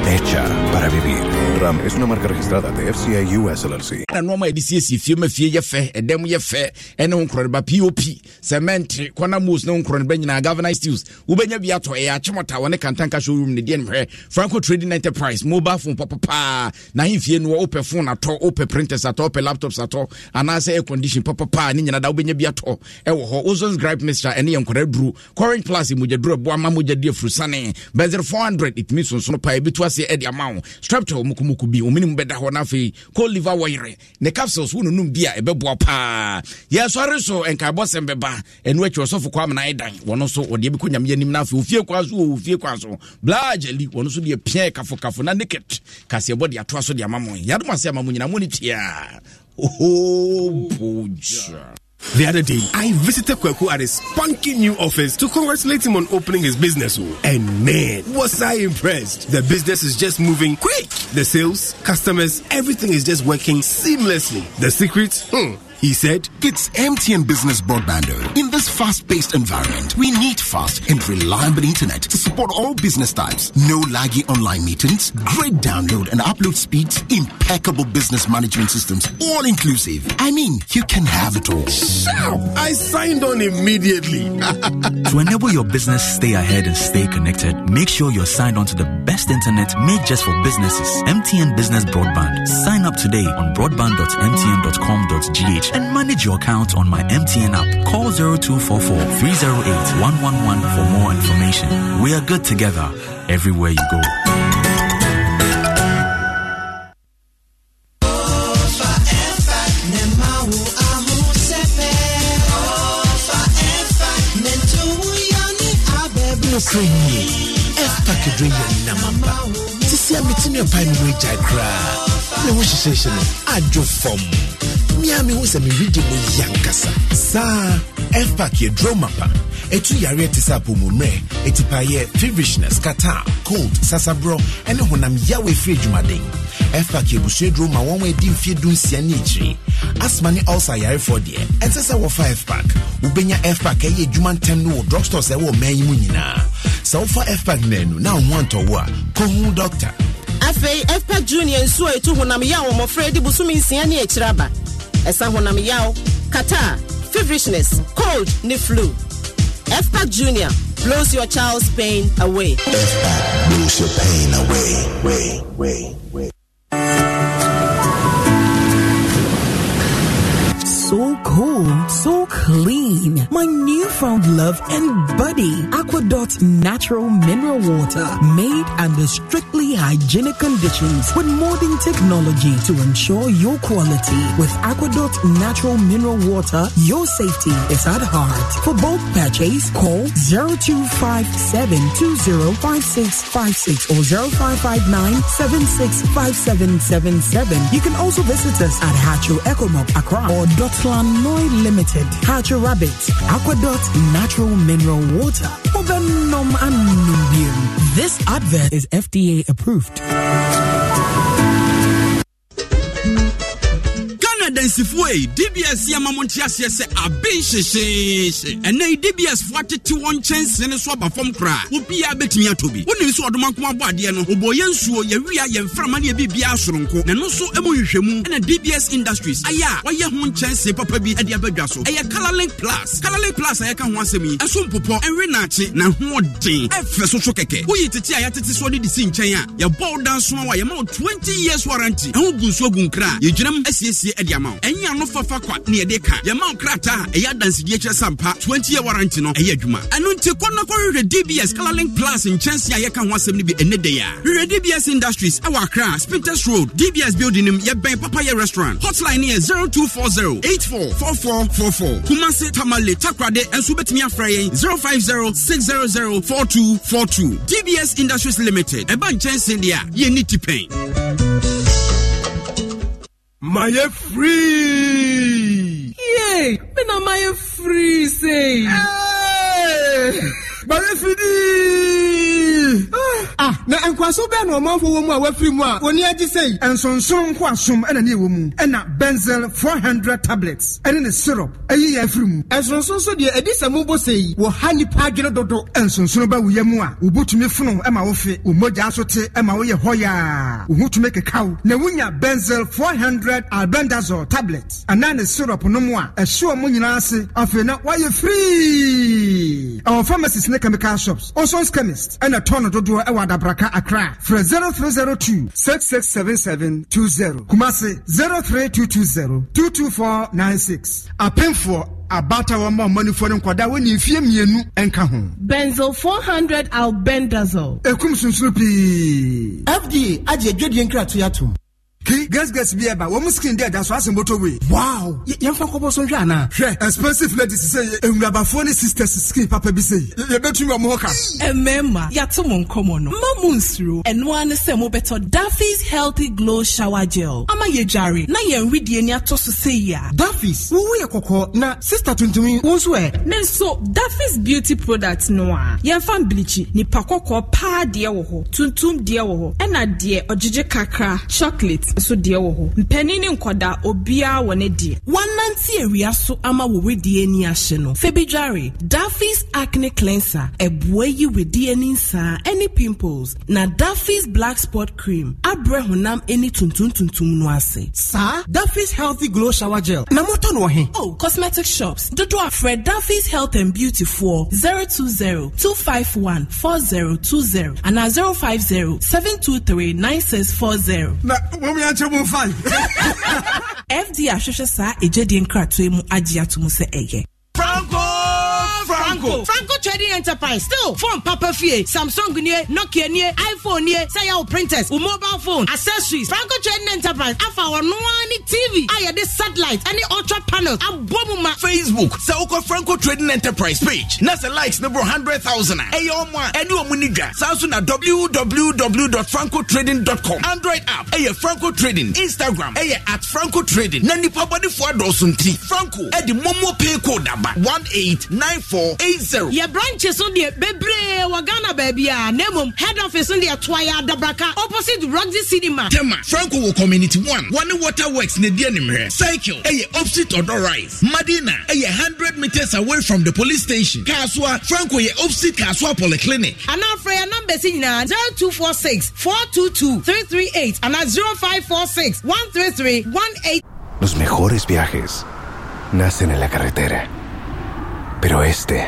Speaker 1: hecha para vivir. Ram es una marca registrada de FCI US LLC.
Speaker 2: Na noma edisi si fie ma fie ye fe, edem ye fe, ene ho kronba POP, cement, kwana moves ne un kronba nyina governor steels. Ubenya benya bi ato e achimota wone kantanka showroom ne dien nhwe. Franco Trading Enterprise mobile phone papa pa. Na hin fie no ope phone ato, ope printers ato, ope laptops ato, anase air condition papa pa ni nyina da ubenya benya bi ato. E wo ho Ozone Gripe Mixture ene ye nkora duru. Current Plus mu je duru bo ama mu die frusane. Benzer 400 it means so no pa e aseɛ de ama wo streptol mukumuku bi omenim bɛda hɔ no afei co liver wɔyere ne capsules wononum bi a ɛbɛboa paa yɛsɔre so nkaebɔsɛm bɛba ɛno akyi ɔsɔfo kɔ amena ɛdan wɔno so wɔdeɛ bɛkɔ nyameɛ anim no afei ofie kwa so wɔ ofie kwa so blageli wɔno so deɛ piɛ kafokafo na naked kaseɛbɔ de atoa so de ama mo yɛadom ase ama mo nyina mo ne tiaa
Speaker 16: ohoboja The other day, I visited Kweku at his spunky new office to congratulate him on opening his business. And man, was I impressed! The business is just moving quick. The sales, customers, everything is just working seamlessly. The secret? Hmm he said, It's MTN Business Broadband.
Speaker 8: In this fast
Speaker 2: paced environment, we need fast and reliable internet to support all business types. No laggy
Speaker 16: online meetings, great download and upload speeds, impeccable business management systems, all inclusive. I mean, you can have it all. Shout! I signed on immediately.
Speaker 7: to enable your business stay ahead and stay connected, make sure you're signed on to the best internet made just for businesses. MTN Business Broadband. Sign up today on broadband.mtn.com.gh and manage your account on my MTN app. Call 0244 308 111 for more information. We are good together everywhere you go.
Speaker 8: Sisi ametumi apae no mu agyae koraa ne ho hyehyɛ hyehyɛ no Ajo
Speaker 2: fam Mia mea mehu sɛ meredi mo yankasa saa fpak yɛ draw mapa ɛtu yareɛ te sɛ apɔmummerɛ ɛtipaeɛ feverishness kata cold sasaborɔ ne honam yaw ɛfiri adwumaden fpak yɛbusua duro ma wɔn adi mfeɛ du nsia ne akyiri asma ne ulcer yarefoɔ deɛ ɛnsɛ sɛ wɔfa fpak wobɛnya fpak ɛyɛ adwuma ntɛm no wɔ drugstores ɛwɔ ɔman yi mu nyinaa sɛ wofa fpak naanu na wo ho antɔwo a
Speaker 8: kɔhu doctor afei fpak junior nsuo ɛtu honam yaw wɔmmɔfra adi bosome nsia ne akyiri ɛsa honam yaw catar feverishness cold ne flu fpac junior blows your child's pain away. fpac blows your pain away. Way, way. cool, so clean. My newfound love and buddy, Aquadot Natural Mineral Water, made under strictly hygienic conditions with modern technology to ensure your quality. With Aquadot Natural Mineral Water, your safety is at heart. For bulk purchase, call 0257205656 or 0559 You can also visit us at Hatcho Ecomop Accra or Dotland Noi Limited, Hatcher Rabbit, Aquadot Natural Mineral Water. This advert is FDA approved.
Speaker 7: adansifo yi dbs yɛ ma mo nte aseɛ sɛ abe nhyehyeehye ɛnɛ yi dbs fo atete wɔn nkyɛnsee ne so aba fam koraa obiara bɛtumi atɔ bi wonim sɛ ɔdoma nko abɔ adeɛ no ɔbɔ yɛ nsuo wia yɛ mframa ne ɛbiribiaa soronko na ɛno nso mu nhwehwɛmu ɛna dbs industries ayɛ a wɔyɛ ho nkyɛnsee papa bi de abadwa so ɛyɛ colorlink plus colorlink plus a yɛka ho asɛm yi ɛso mpopɔ ɛnwe naakye na hoɔden ɛfɛ so so kɛkɛ woyi tete a yɛatete so de de si nkyɛn a yɛbɔ wo danso a yɛma wo 20 years warranty ɛho gu nsuo gu nkra a yɛgyinam asiesie de ama wo ɛnyɛ ano fafa kwa ne yɛde ka yɛma wo krataa a ɛyɛ adansedie kyerɛ sampa 20 year warranty no ɛyɛ adwuma ɛno nti kɔ na kɔhwehwɛ dbs colorlink plus nkyɛnse a yɛka ho asɛm no bi ɛnɛ dɛ a hwehwɛ dbs industries ɛwɔ akra spinters road dbs building nim yɛbɛn papayɛ restaurant hotline ne yɛ four four kumase tamale takrade ɛnso wobɛtumi afra yɛn two dbs industries limited ɛba nkyɛnse deɛ a yɛnni tipɛn maye free. yay me na maye free say.
Speaker 9: Hey! maye free. Ah! Ah. na nkwaso bɛɛ na ɔmanfo wɔ mu a wafiri mu a wɔni agye sɛ nsonson nko asom ɛna ne ɛwɔ mu ɛna benzel 400 tablets ɛne ne syrup ɛyi yɛ afiri mu nsonson so deɛ ɛdi sɛ mobɔ sɛ yi wɔ ha nnipa adwene dodo nsonson ba woyɛ mu a wobotumi fono ɛma wo fe wo mogya so te ɛma woyɛ hɔyaa wo kekaw na wonya benzel 400 albendazol tablet anaa ne syrup no mu a ɛhyɛ ɔmo nyinaa ase afei na woayɛ firii ɛwɔ pharmacies ne chemical shops osons chemist ɛna tɔno dodoɔ ɛwɔ ada adabraka accra frɛ 0302 6677 20 kumase 03220 22496 apemfoɔ abata wɔn ma ɔmanifo ne nkwadaa wɔn nifie mmienu nka ho. benzo four hundred albendazole. ekum sunsun pii. fda agye edwadie nkrato yatom ki gɛsgɛs bi ɛba wɔn skin de ɛda so ase moto wei. wow yɛn fa kɔbɔ so n hwɛ ana. hwɛ expensive ladies sɛ yɛ ewurabafoɔ ne sisters skin papa bi sɛ yɛ bɛ tun bɛ ɔmo hɔ ka. ɛmɛɛma
Speaker 8: yàtò mo nkɔmɔ no mma mo nsiro ɛnua ne sɛ mo bɛtɔ daffy's healthy glow shower gel ama yɛ dware na yɛn ridie ni atɔ so sɛ yia. daffy's na sista tuntum wɔn nso nso daffy's beauty product no a yɛn fa bleach nipa kɔkɔɔ paa deɛ wɔ hɔ tuntum deɛ wɔ hɔ ɛna chocolate nso deɛ wɔ hɔ mpanin ne nkɔda obiara wɔ ne deɛ wɔnante awia so ama wɔ wedie ani ahye no febidware daffy's acne cleanser ɛboa yi wedie ani nsaa ne pimples na daffy's black spot cream abrɛ honam ani tuntumtuntum no ase saa daffy's healthy glow shower gel na motɔ no wɔ he oh cosmetic shops dodo afrɛ daffy's health and beauty for 020 251 4020 anaa 050 723 9640 na wɔn nyame akyɛ mu fae fd ahwehwɛ saa ɛgyedie nkratoe mu agye ato mu sɛ ɛyɛ
Speaker 14: logo franco trading enterprise still phone papa fie samsung nie nokia nie iphone nie sayo printers o mobile phone accessories franco trading enterprise afa wɔn noa tv a yɛde satellite any ultra panels abɔ mu ma. facebook sɛ wokɔ franco trading enterprise page
Speaker 2: na likes ne boro hundred thousand a ɛyɛ ɔmo a ɛne ɔmo ni dwa saa www.francotrading.com android app ɛyɛ franco trading instagram ɛyɛ at franco trading Nani
Speaker 3: nipa bɔdefoɔ adɔɔso nti franco ɛde momo pay code aba one eight nine four eight. 80.
Speaker 14: Your branches on the Bebre Wagana baby. Ah, Nemum head office on the Twaya Dabraka opposite Roxy Cinema. Tema ah,
Speaker 2: Franco Community One. One water works in the enemy. Cycle. A eh, opposite Odor Rise. Madina. A eh, hundred meters away from the police station. Kaswa Franco ye opposite Kaswa Polyclinic.
Speaker 14: And now for your number is 0246 three 338 and 0546 133 18.
Speaker 1: Los mejores viajes nacen en la carretera. Pero este